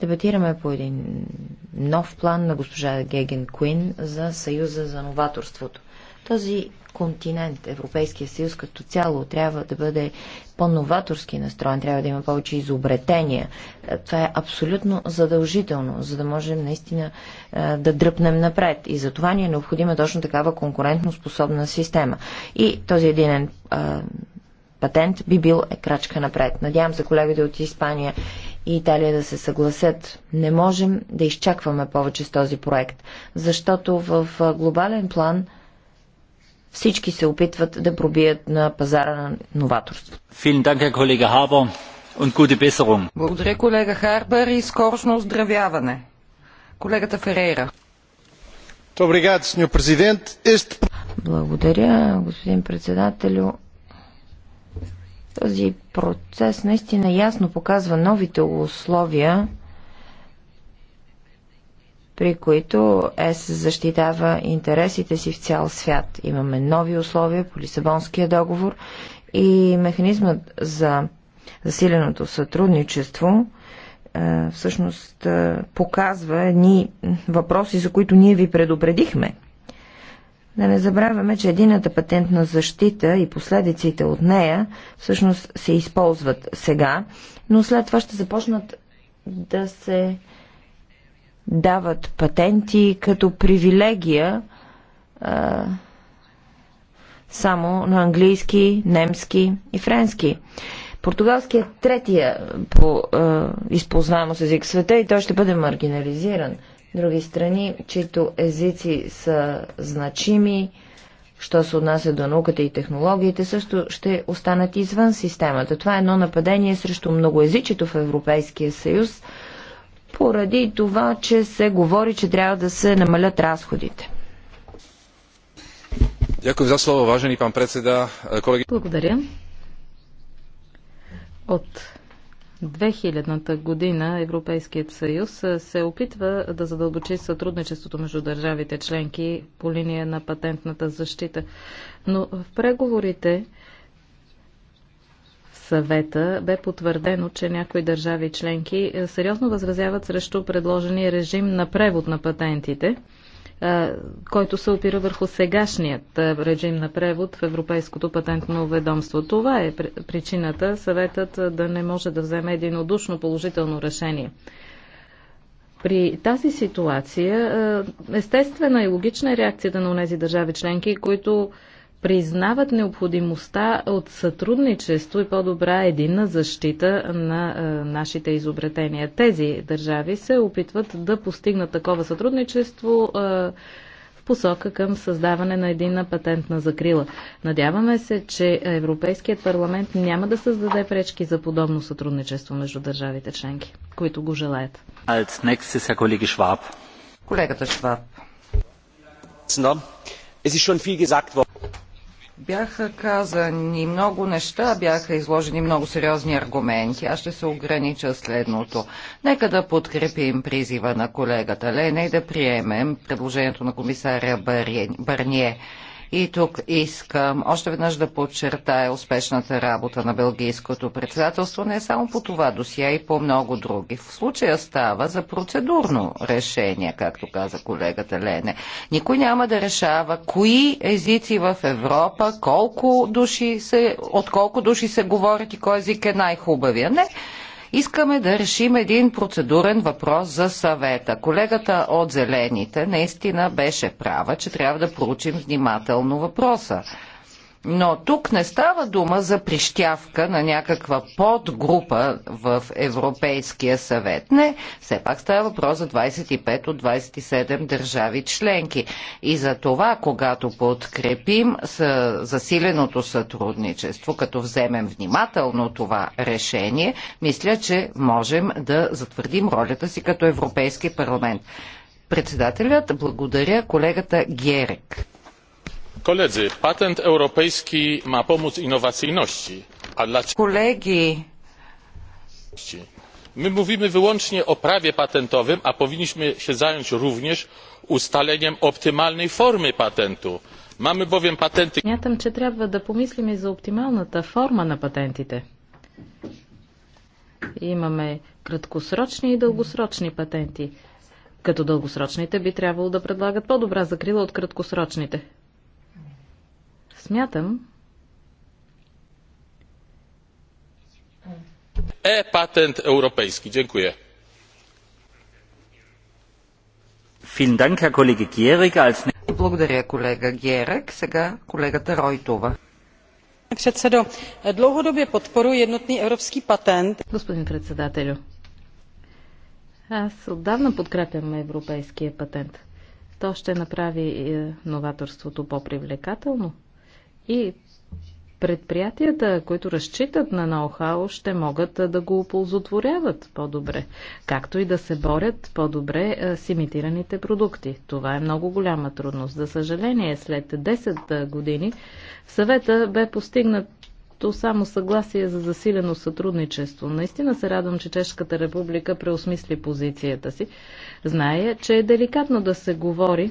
дебатираме по един нов план на госпожа Геген Куин за Съюза за новаторството. Този континент, Европейския съюз като цяло, трябва да бъде по-новаторски настроен, трябва да има повече изобретения. Е, това е абсолютно задължително, за да можем наистина е, да дръпнем напред. И за това ни е необходима точно такава конкурентно способна система. И този един е, патент би бил крачка напред. Надявам се колегите от Испания и Италия да се съгласят. Не можем да изчакваме повече с този проект, защото в глобален план всички се опитват да пробият на пазара на новаторство. Благодаря, колега Харбър и скорошно оздравяване. Колегата Ферейра. Благодаря, господин председателю. Този процес наистина ясно показва новите условия, при които ЕС защитава интересите си в цял свят. Имаме нови условия по Лисабонския договор и механизмът за засиленото сътрудничество е, всъщност е, показва едни въпроси, за които ние ви предупредихме. Да не забравяме, че едината патентна защита и последиците от нея всъщност се използват сега, но след това ще започнат да се дават патенти като привилегия а, само на английски, немски и френски. Португалски е третия по а, използваемост език в света и той ще бъде маргинализиран. Други страни, чието езици са значими, що се отнася до науката и технологиите, също ще останат извън системата. Това е едно нападение срещу многоезичието в Европейския съюз – поради това, че се говори, че трябва да се намалят разходите. Благодаря. От 2000-та година Европейският съюз се опитва да задълбочи сътрудничеството между държавите членки по линия на патентната защита. Но в преговорите съвета бе потвърдено, че някои държави членки е, сериозно възразяват срещу предложения режим на превод на патентите, е, който се опира върху сегашният е, режим на превод в Европейското патентно ведомство. Това е причината съветът да не може да вземе единодушно положително решение. При тази ситуация естествена и логична е реакцията на тези държави членки, които признават необходимостта от сътрудничество и по-добра единна защита на а, е, нашите изобретения. Тези държави се опитват да постигнат такова сътрудничество а, е, в посока към създаване на единна патентна закрила. Надяваме се, че Европейският парламент няма да създаде пречки за подобно сътрудничество между държавите членки, които го желаят. Колегата Шваб. Es ist schon viel gesagt worden. Бяха казани много неща, бяха изложени много сериозни аргументи. Аз ще се огранича следното. Нека да подкрепим призива на колегата Лене и да приемем предложението на комисаря Барние. И тук искам още веднъж да подчертая успешната работа на Белгийското председателство, не само по това досия и по много други. В случая става за процедурно решение, както каза колегата Лене. Никой няма да решава кои езици в Европа, колко души се, от колко души се говорят и кой език е най-хубавия. Не, Искаме да решим един процедурен въпрос за съвета. Колегата от Зелените наистина беше права, че трябва да проучим внимателно въпроса. Но тук не става дума за прищявка на някаква подгрупа в Европейския съвет. Не, все пак става въпрос за 25 от 27 държави членки. И за това, когато подкрепим засиленото сътрудничество, като вземем внимателно това решение, мисля, че можем да затвърдим ролята си като Европейски парламент. Председателят благодаря колегата Герек patent europejski ma pomóc innowacyjności a dlaczego my mówimy wyłącznie o prawie patentowym a powinniśmy się zająć również ustaleniem оптимальной формы патенту. Mamy bowiem patenty. Смятам, че трябва да помислим и за оптималната форма на патентите. Имаме краткосрочни и дългосрочни патенти. Като дългосрочните би трябвало да предлагат по-добра закрила от краткосрочните. Смятам, Е, патент европейски. Dziękuję. Благодаря, колега Герек. Сега колегата Ройтова. Председо, dlouhodobě podporuji jednotný evropský patent. Господин председателю, аз отдавна подкрепям европейския патент. То ще направи е, новаторството по-привлекателно, и предприятията, които разчитат на ноу-хау, ще могат да го оползотворяват по-добре, както и да се борят по-добре с имитираните продукти. Това е много голяма трудност. За съжаление, след 10 години в съвета бе постигнат то само съгласие за засилено сътрудничество. Наистина се радвам, че Чешката република преосмисли позицията си. Зная, че е деликатно да се говори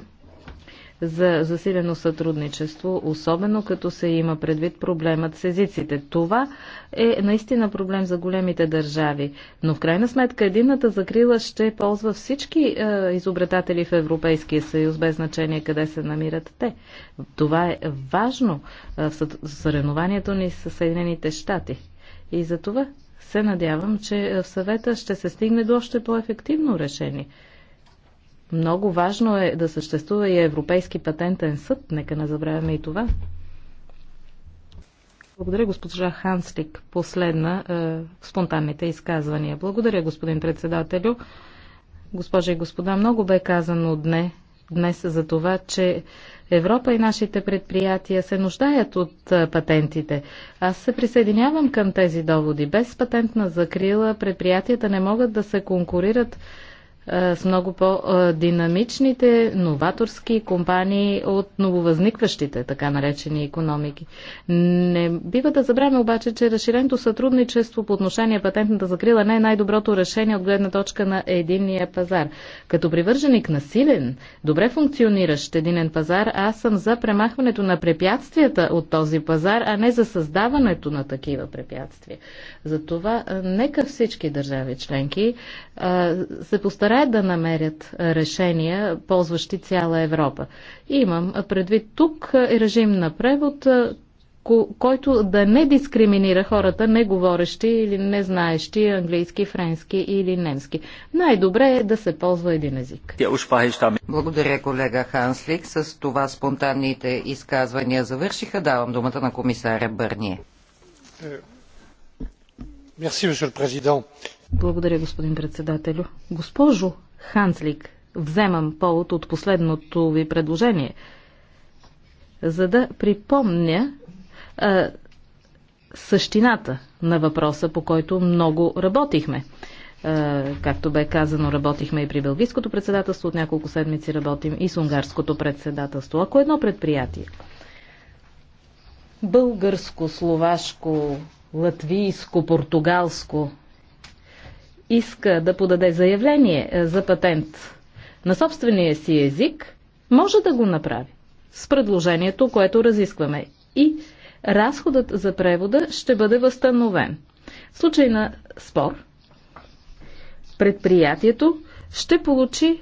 за засилено сътрудничество, особено като се има предвид проблемът с езиците. Това е наистина проблем за големите държави, но в крайна сметка единната закрила ще ползва всички е, изобретатели в Европейския съюз, без значение къде се намират те. Това е важно е, в съревнованието ни с Съединените щати. И за това се надявам, че е, в съвета ще се стигне до още по-ефективно решение. Много важно е да съществува и Европейски патентен съд. Нека не забравяме и това. Благодаря, госпожа Ханслик. Последна е, спонтанните изказвания. Благодаря, господин председателю. Госпожа и господа, много бе казано дне, днес за това, че Европа и нашите предприятия се нуждаят от е, патентите. Аз се присъединявам към тези доводи. Без патентна закрила предприятията не могат да се конкурират е, с много по-динамичните, новаторски компании от нововъзникващите, така наречени економики. Не бива да забравяме обаче, че разширеното сътрудничество по отношение патентната закрила не е най-доброто решение от гледна точка на единния пазар. Като привърженик на силен, добре функциониращ единен пазар, аз съм за премахването на препятствията от този пазар, а не за създаването на такива препятствия. Затова е, нека всички държави членки е, се постараят успеят да намерят решения, ползващи цяла Европа. Имам предвид тук режим на превод, който да не дискриминира хората, не говорещи или не знаещи английски, френски или немски. Най-добре е да се ползва един език. Благодаря, колега Ханслик. С това спонтанните изказвания завършиха. Давам думата на комисаря Бърние. Мерси, президент. Благодаря, господин председателю. Госпожо Ханслик, вземам повод от последното ви предложение, за да припомня а, същината на въпроса, по който много работихме. А, както бе казано, работихме и при Белгийското председателство, от няколко седмици работим и с Унгарското председателство. Ако едно предприятие, българско, словашко, латвийско, португалско иска да подаде заявление е, за патент на собствения си език, може да го направи с предложението, което разискваме. И разходът за превода ще бъде възстановен. В случай на спор, предприятието ще получи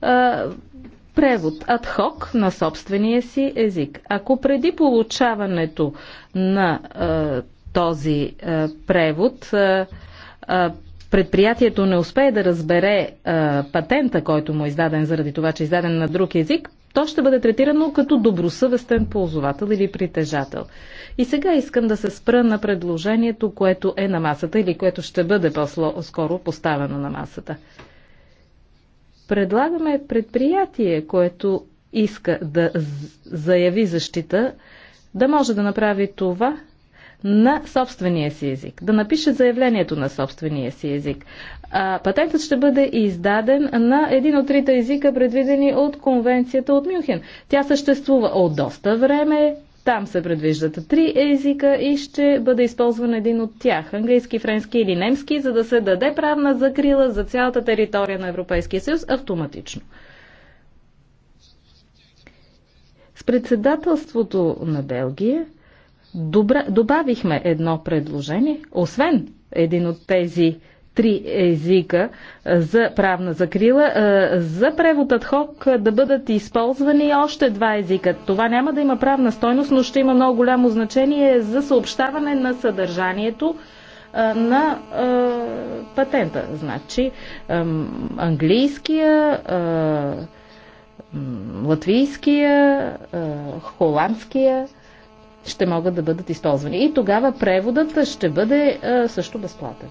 а, превод адхок на собствения си език. Ако преди получаването на а, този а, превод а, а, предприятието не успее да разбере а, е, патента, който му е издаден заради това, че е издаден на друг език, то ще бъде третирано като добросъвестен ползовател или притежател. И сега искам да се спра на предложението, което е на масата или което ще бъде по-скоро поставено на масата. Предлагаме предприятие, което иска да заяви защита, да може да направи това на собствения си език, да напише заявлението на собствения си език. А, патентът ще бъде издаден на един от трите езика, предвидени от конвенцията от Мюнхен. Тя съществува от доста време, там се предвиждат три езика и ще бъде използван един от тях английски, френски или немски, за да се даде правна закрила за цялата територия на Европейския съюз автоматично. С председателството на Белгия добра, добавихме едно предложение, освен един от тези три езика за правна закрила, за превод адхок да бъдат използвани още два езика. Това няма да има правна стойност, но ще има много голямо значение за съобщаване на съдържанието на патента. Значи, английския, латвийския, холандския, ще могат да бъдат използвани. И тогава преводът ще бъде а, също безплатен.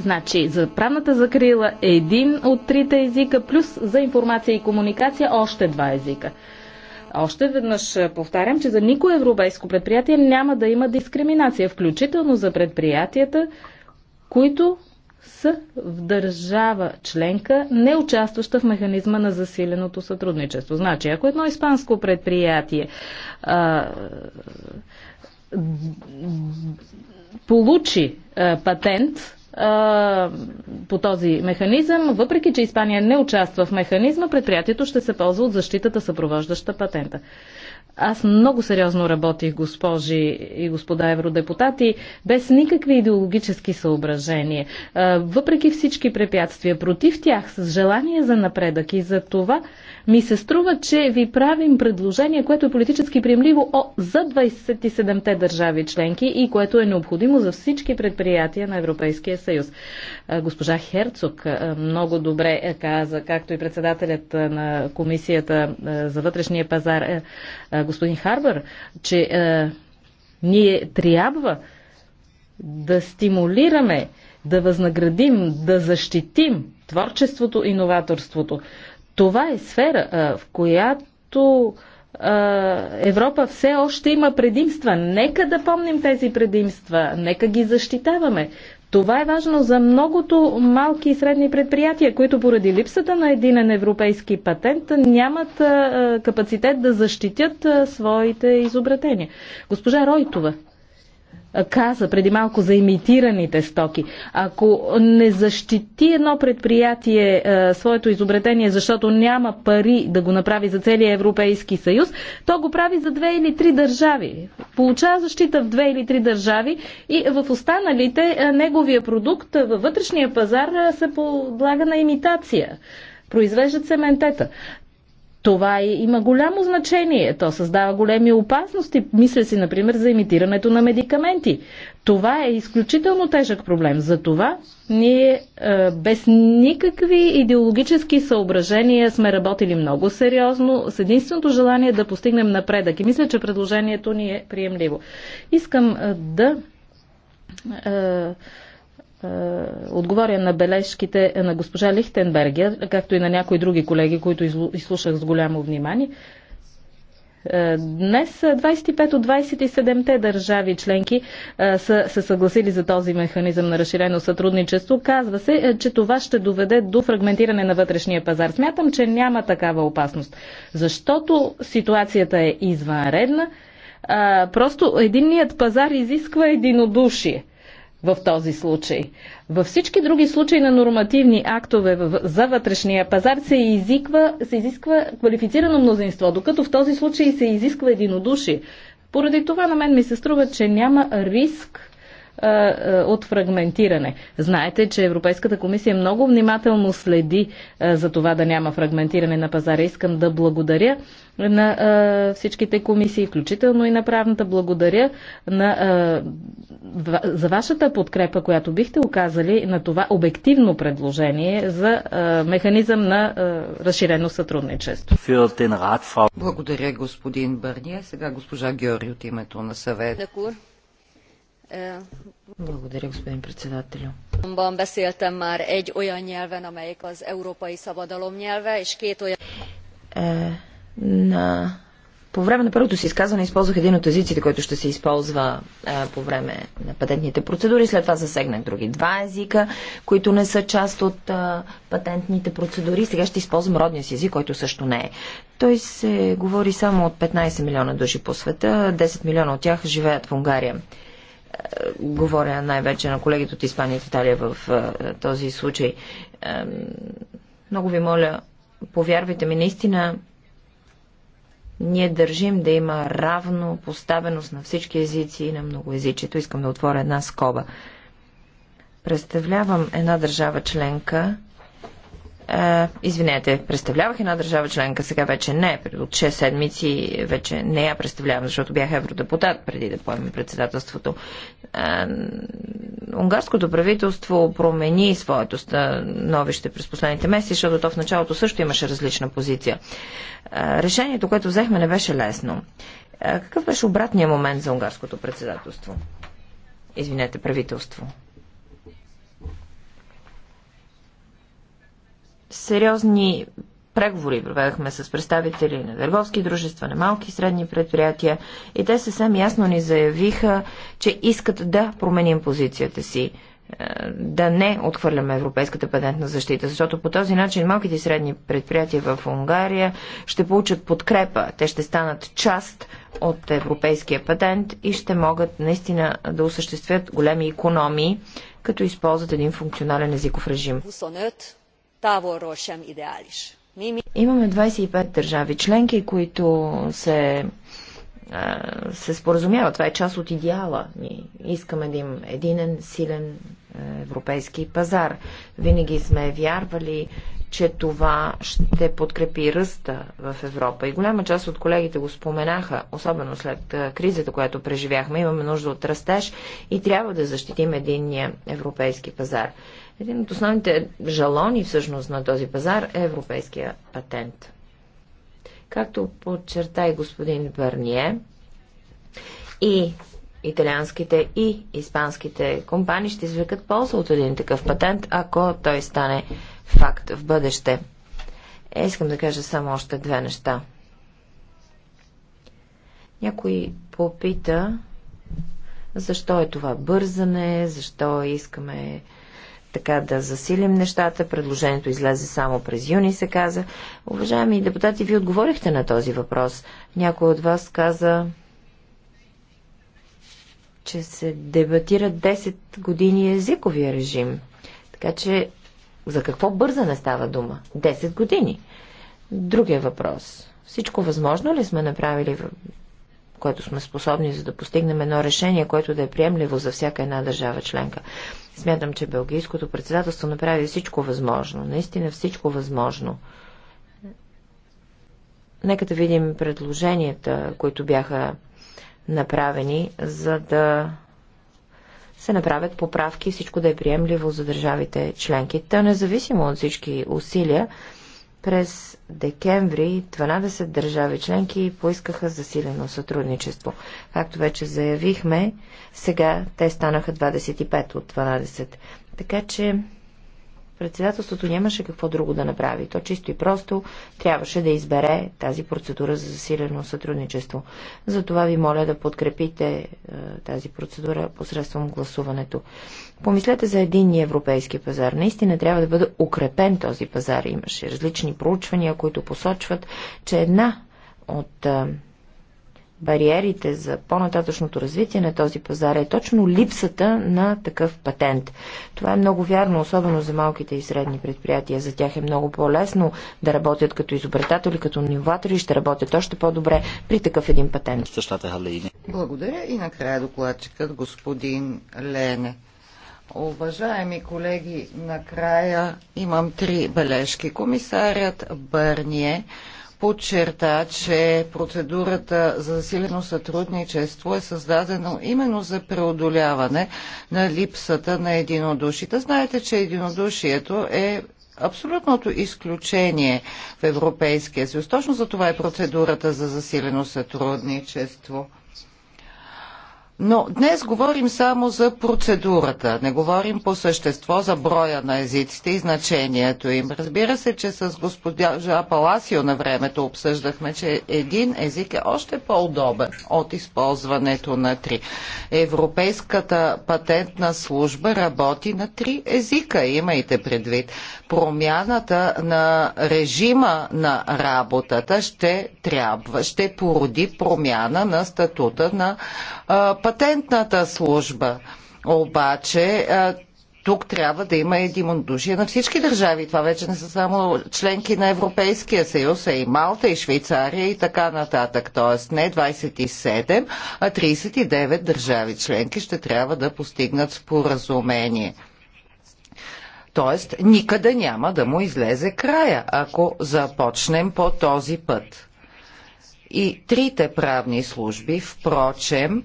Значи, за правната закрила е един от трите езика, плюс за информация и комуникация още два езика. Още веднъж повтарям, че за никое европейско предприятие няма да има дискриминация, включително за предприятията, които с в държава членка, не участваща в механизма на засиленото сътрудничество. Значи, ако едно испанско предприятие а, получи а, патент, по този механизъм. Въпреки, че Испания не участва в механизма, предприятието ще се ползва от защитата, съпровождаща патента. Аз много сериозно работих, госпожи и господа евродепутати, без никакви идеологически съображения. Въпреки всички препятствия, против тях, с желание за напредък и за това ми се струва, че ви правим предложение, което е политически приемливо о, за 27-те държави членки и което е необходимо за всички предприятия на Европейския съюз. Госпожа Херцог много добре е, каза, както и председателят на Комисията за вътрешния пазар, е, господин Харбър, че ние трябва да стимулираме, да възнаградим, да защитим творчеството и новаторството. Това е сфера, в която Европа все още има предимства. Нека да помним тези предимства, нека ги защитаваме. Това е важно за многото малки и средни предприятия, които поради липсата на единен европейски патент нямат капацитет да защитят своите изобретения. Госпожа Ройтова каза преди малко за имитираните стоки. Ако не защити едно предприятие а, е, своето изобретение, защото няма пари да го направи за целия Европейски съюз, то го прави за две или три държави. Получава защита в две или три държави и в останалите а, е, неговия продукт във вътрешния пазар а, е, се подлага на имитация. Произвеждат се ментета. Това има голямо значение. То създава големи опасности. Мисля си, например, за имитирането на медикаменти. Това е изключително тежък проблем. За това ние е, без никакви идеологически съображения сме работили много сериозно, с единственото желание да постигнем напредък. И мисля, че предложението ни е приемливо. Искам е, да. Е, е, отговоря на бележките на госпожа Лихтенбергер, както и на някои други колеги, които изслушах с голямо внимание. Е, днес 25 от 27-те държави членки е, са се съгласили за този механизъм на разширено сътрудничество. Казва се, че това ще доведе до фрагментиране на вътрешния пазар. Смятам, че няма такава опасност, защото ситуацията е извънредна. Просто единният пазар изисква единодушие в този случай. Във всички други случаи на нормативни актове за вътрешния пазар се, изиква, се изисква квалифицирано мнозинство, докато в този случай се изисква единодушие. Поради това на мен ми се струва, че няма риск от фрагментиране. Знаете, че Европейската комисия много внимателно следи за това да няма фрагментиране на пазара. Искам да благодаря на всичките комисии, включително и на правната. Благодаря на, за вашата подкрепа, която бихте оказали на това обективно предложение за механизъм на разширено сътрудничество. Благодаря, господин Бърния. Сега госпожа Георги от името на съвет. Благодаря, господин Beszéltem már egy olyan nyelven, amelyik az európai szabadalom nyelve, és két olyan... Е, на... По време на първото си изказване използвах един от езиците, който ще се използва а, е, по време на патентните процедури. След това засегнах други два езика, които не са част от а, е, патентните процедури. Сега ще използвам родния си език, който също не е. Той се говори само от 15 милиона души по света. 10 милиона от тях живеят в Унгария говоря най-вече на колегите от Испания и Италия в този случай. Много ви моля, повярвайте ми, наистина ние държим да има равно поставеност на всички езици и на многоязичието. Искам да отворя една скоба. Представлявам една държава членка, а, извинете, представлявах една държава членка, сега вече не. От 6 седмици вече не я представлявам, защото бях евродепутат преди да поеме председателството. унгарското правителство промени своето становище през последните месеци, защото то в началото също имаше различна позиция. решението, което взехме, не беше лесно. какъв беше обратният момент за унгарското председателство? Извинете, правителство. сериозни преговори проведахме с представители на търговски дружества, на малки и средни предприятия и те съвсем ясно ни заявиха, че искат да променим позицията си е, да не отхвърляме европейската патентна защита, защото по този начин малките и средни предприятия в Унгария ще получат подкрепа. Те ще станат част от европейския патент и ще могат наистина да осъществят големи економии, като използват един функционален езиков режим távolról sem ideális. Имаме 25 държави членки, които се, се споразумяват. Това е част от идеала. Ни искаме да им единен, силен европейски пазар. Винаги сме вярвали, че това ще подкрепи ръста в Европа. И голяма част от колегите го споменаха, особено след кризата, която преживяхме. Имаме нужда от растеж и трябва да защитим единния европейски пазар. Един от основните жалони всъщност на този пазар е европейския патент. Както подчерта и господин Бърние, и италианските и испанските компании ще извлекат полза от един такъв патент, ако той стане факт в бъдеще. Е, искам да кажа само още две неща. Някой попита защо е това бързане, защо искаме така да засилим нещата. Предложението излезе само през юни, се каза. Уважаеми депутати, ви отговорихте на този въпрос. Някой от вас каза, че се дебатира 10 години езиковия режим. Така че за какво бързане става дума? 10 години. Другия въпрос. Всичко възможно ли сме направили, което сме способни, за да постигнем едно решение, което да е приемливо за всяка една държава членка? Смятам, че Белгийското председателство направи всичко възможно. Наистина всичко възможно. Нека да видим предложенията, които бяха направени, за да се направят поправки, всичко да е приемливо за държавите членки. Та независимо от всички усилия, през декември 12 държави членки поискаха засилено сътрудничество. Както вече заявихме, сега те станаха 25 от 12. Така че Председателството нямаше какво друго да направи. То чисто и просто трябваше да избере тази процедура за засилено сътрудничество. Затова ви моля да подкрепите е, тази процедура посредством гласуването. Помислете за един европейски пазар. Наистина трябва да бъде укрепен този пазар. Имаше различни проучвания, които посочват, че една от е, бариерите за по-нататъчното развитие на този пазар е точно липсата на такъв патент. Това е много вярно, особено за малките и средни предприятия. За тях е много по-лесно да работят като изобретатели, като новатори, ще работят още по-добре при такъв един патент. Благодаря и накрая докладчикът господин Лене. Уважаеми колеги, накрая имам три бележки. Комисарят Бърние подчерта, че процедурата за засилено сътрудничество е създадено именно за преодоляване на липсата на единодушите. Знаете, че единодушието е абсолютното изключение в Европейския съюз. Точно за това е процедурата за засилено сътрудничество. Но днес говорим само за процедурата, не говорим по същество за броя на езиците и значението им. Разбира се, че с господа Паласио на времето обсъждахме, че един език е още по-удобен от използването на три. Европейската патентна служба работи на три езика, имайте предвид промяната на режима на работата ще трябва, ще породи промяна на статута на а, патентната служба. Обаче а, тук трябва да има единодушие на всички държави. Това вече не са само членки на Европейския съюз, а и Малта, и Швейцария и така нататък. Тоест не 27, а 39 държави членки ще трябва да постигнат споразумение. Тоест, никъде няма да му излезе края, ако започнем по този път. И трите правни служби, впрочем,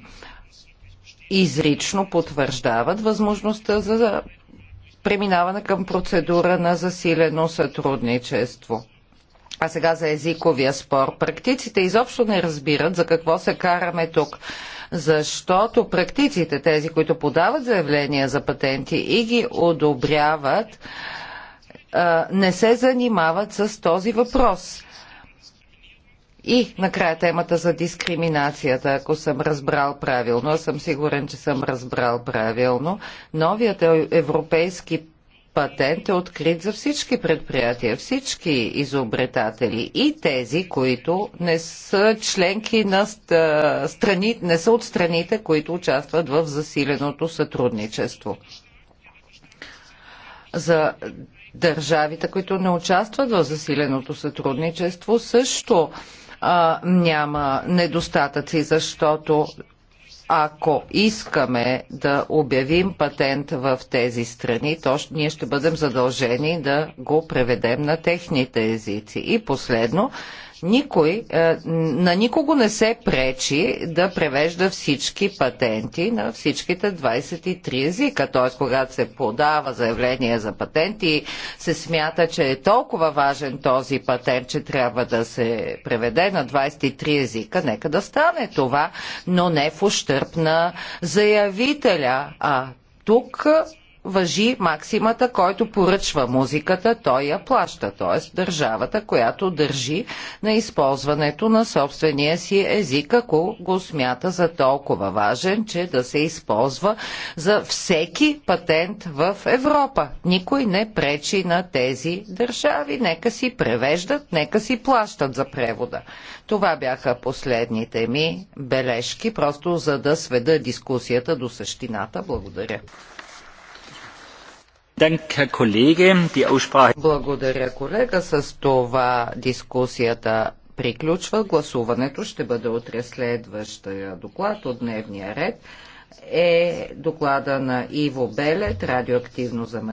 изрично потвърждават възможността за преминаване към процедура на засилено сътрудничество. А сега за езиковия спор. Практиците изобщо не разбират за какво се караме тук защото практиците, тези, които подават заявления за патенти и ги одобряват, не се занимават с този въпрос. И накрая темата за дискриминацията, ако съм разбрал правилно, аз съм сигурен, че съм разбрал правилно, новият е- европейски патент е открит за всички предприятия, всички изобретатели и тези, които не са членки на страни, не са от страните, които участват в засиленото сътрудничество. За държавите, които не участват в засиленото сътрудничество, също а, няма недостатъци, защото ако искаме да обявим патент в тези страни, то ние ще бъдем задължени да го преведем на техните езици. И последно, никой, е, на никого не се пречи да превежда всички патенти на всичките 23 езика. Т.е. когато се подава заявление за патент и се смята, че е толкова важен този патент, че трябва да се преведе на 23 езика, нека да стане това, но не в ущърп на заявителя, а тук въжи максимата, който поръчва музиката, той я плаща, т.е. държавата, която държи на използването на собствения си език, ако го смята за толкова важен, че да се използва за всеки патент в Европа. Никой не пречи на тези държави. Нека си превеждат, нека си плащат за превода. Това бяха последните ми бележки, просто за да сведа дискусията до същината. Благодаря. Благодаря, колега. С това дискусията приключва. Гласуването ще бъде утре следващия доклад от дневния ред. Е доклада на Иво Белет, радиоактивно замърсяване.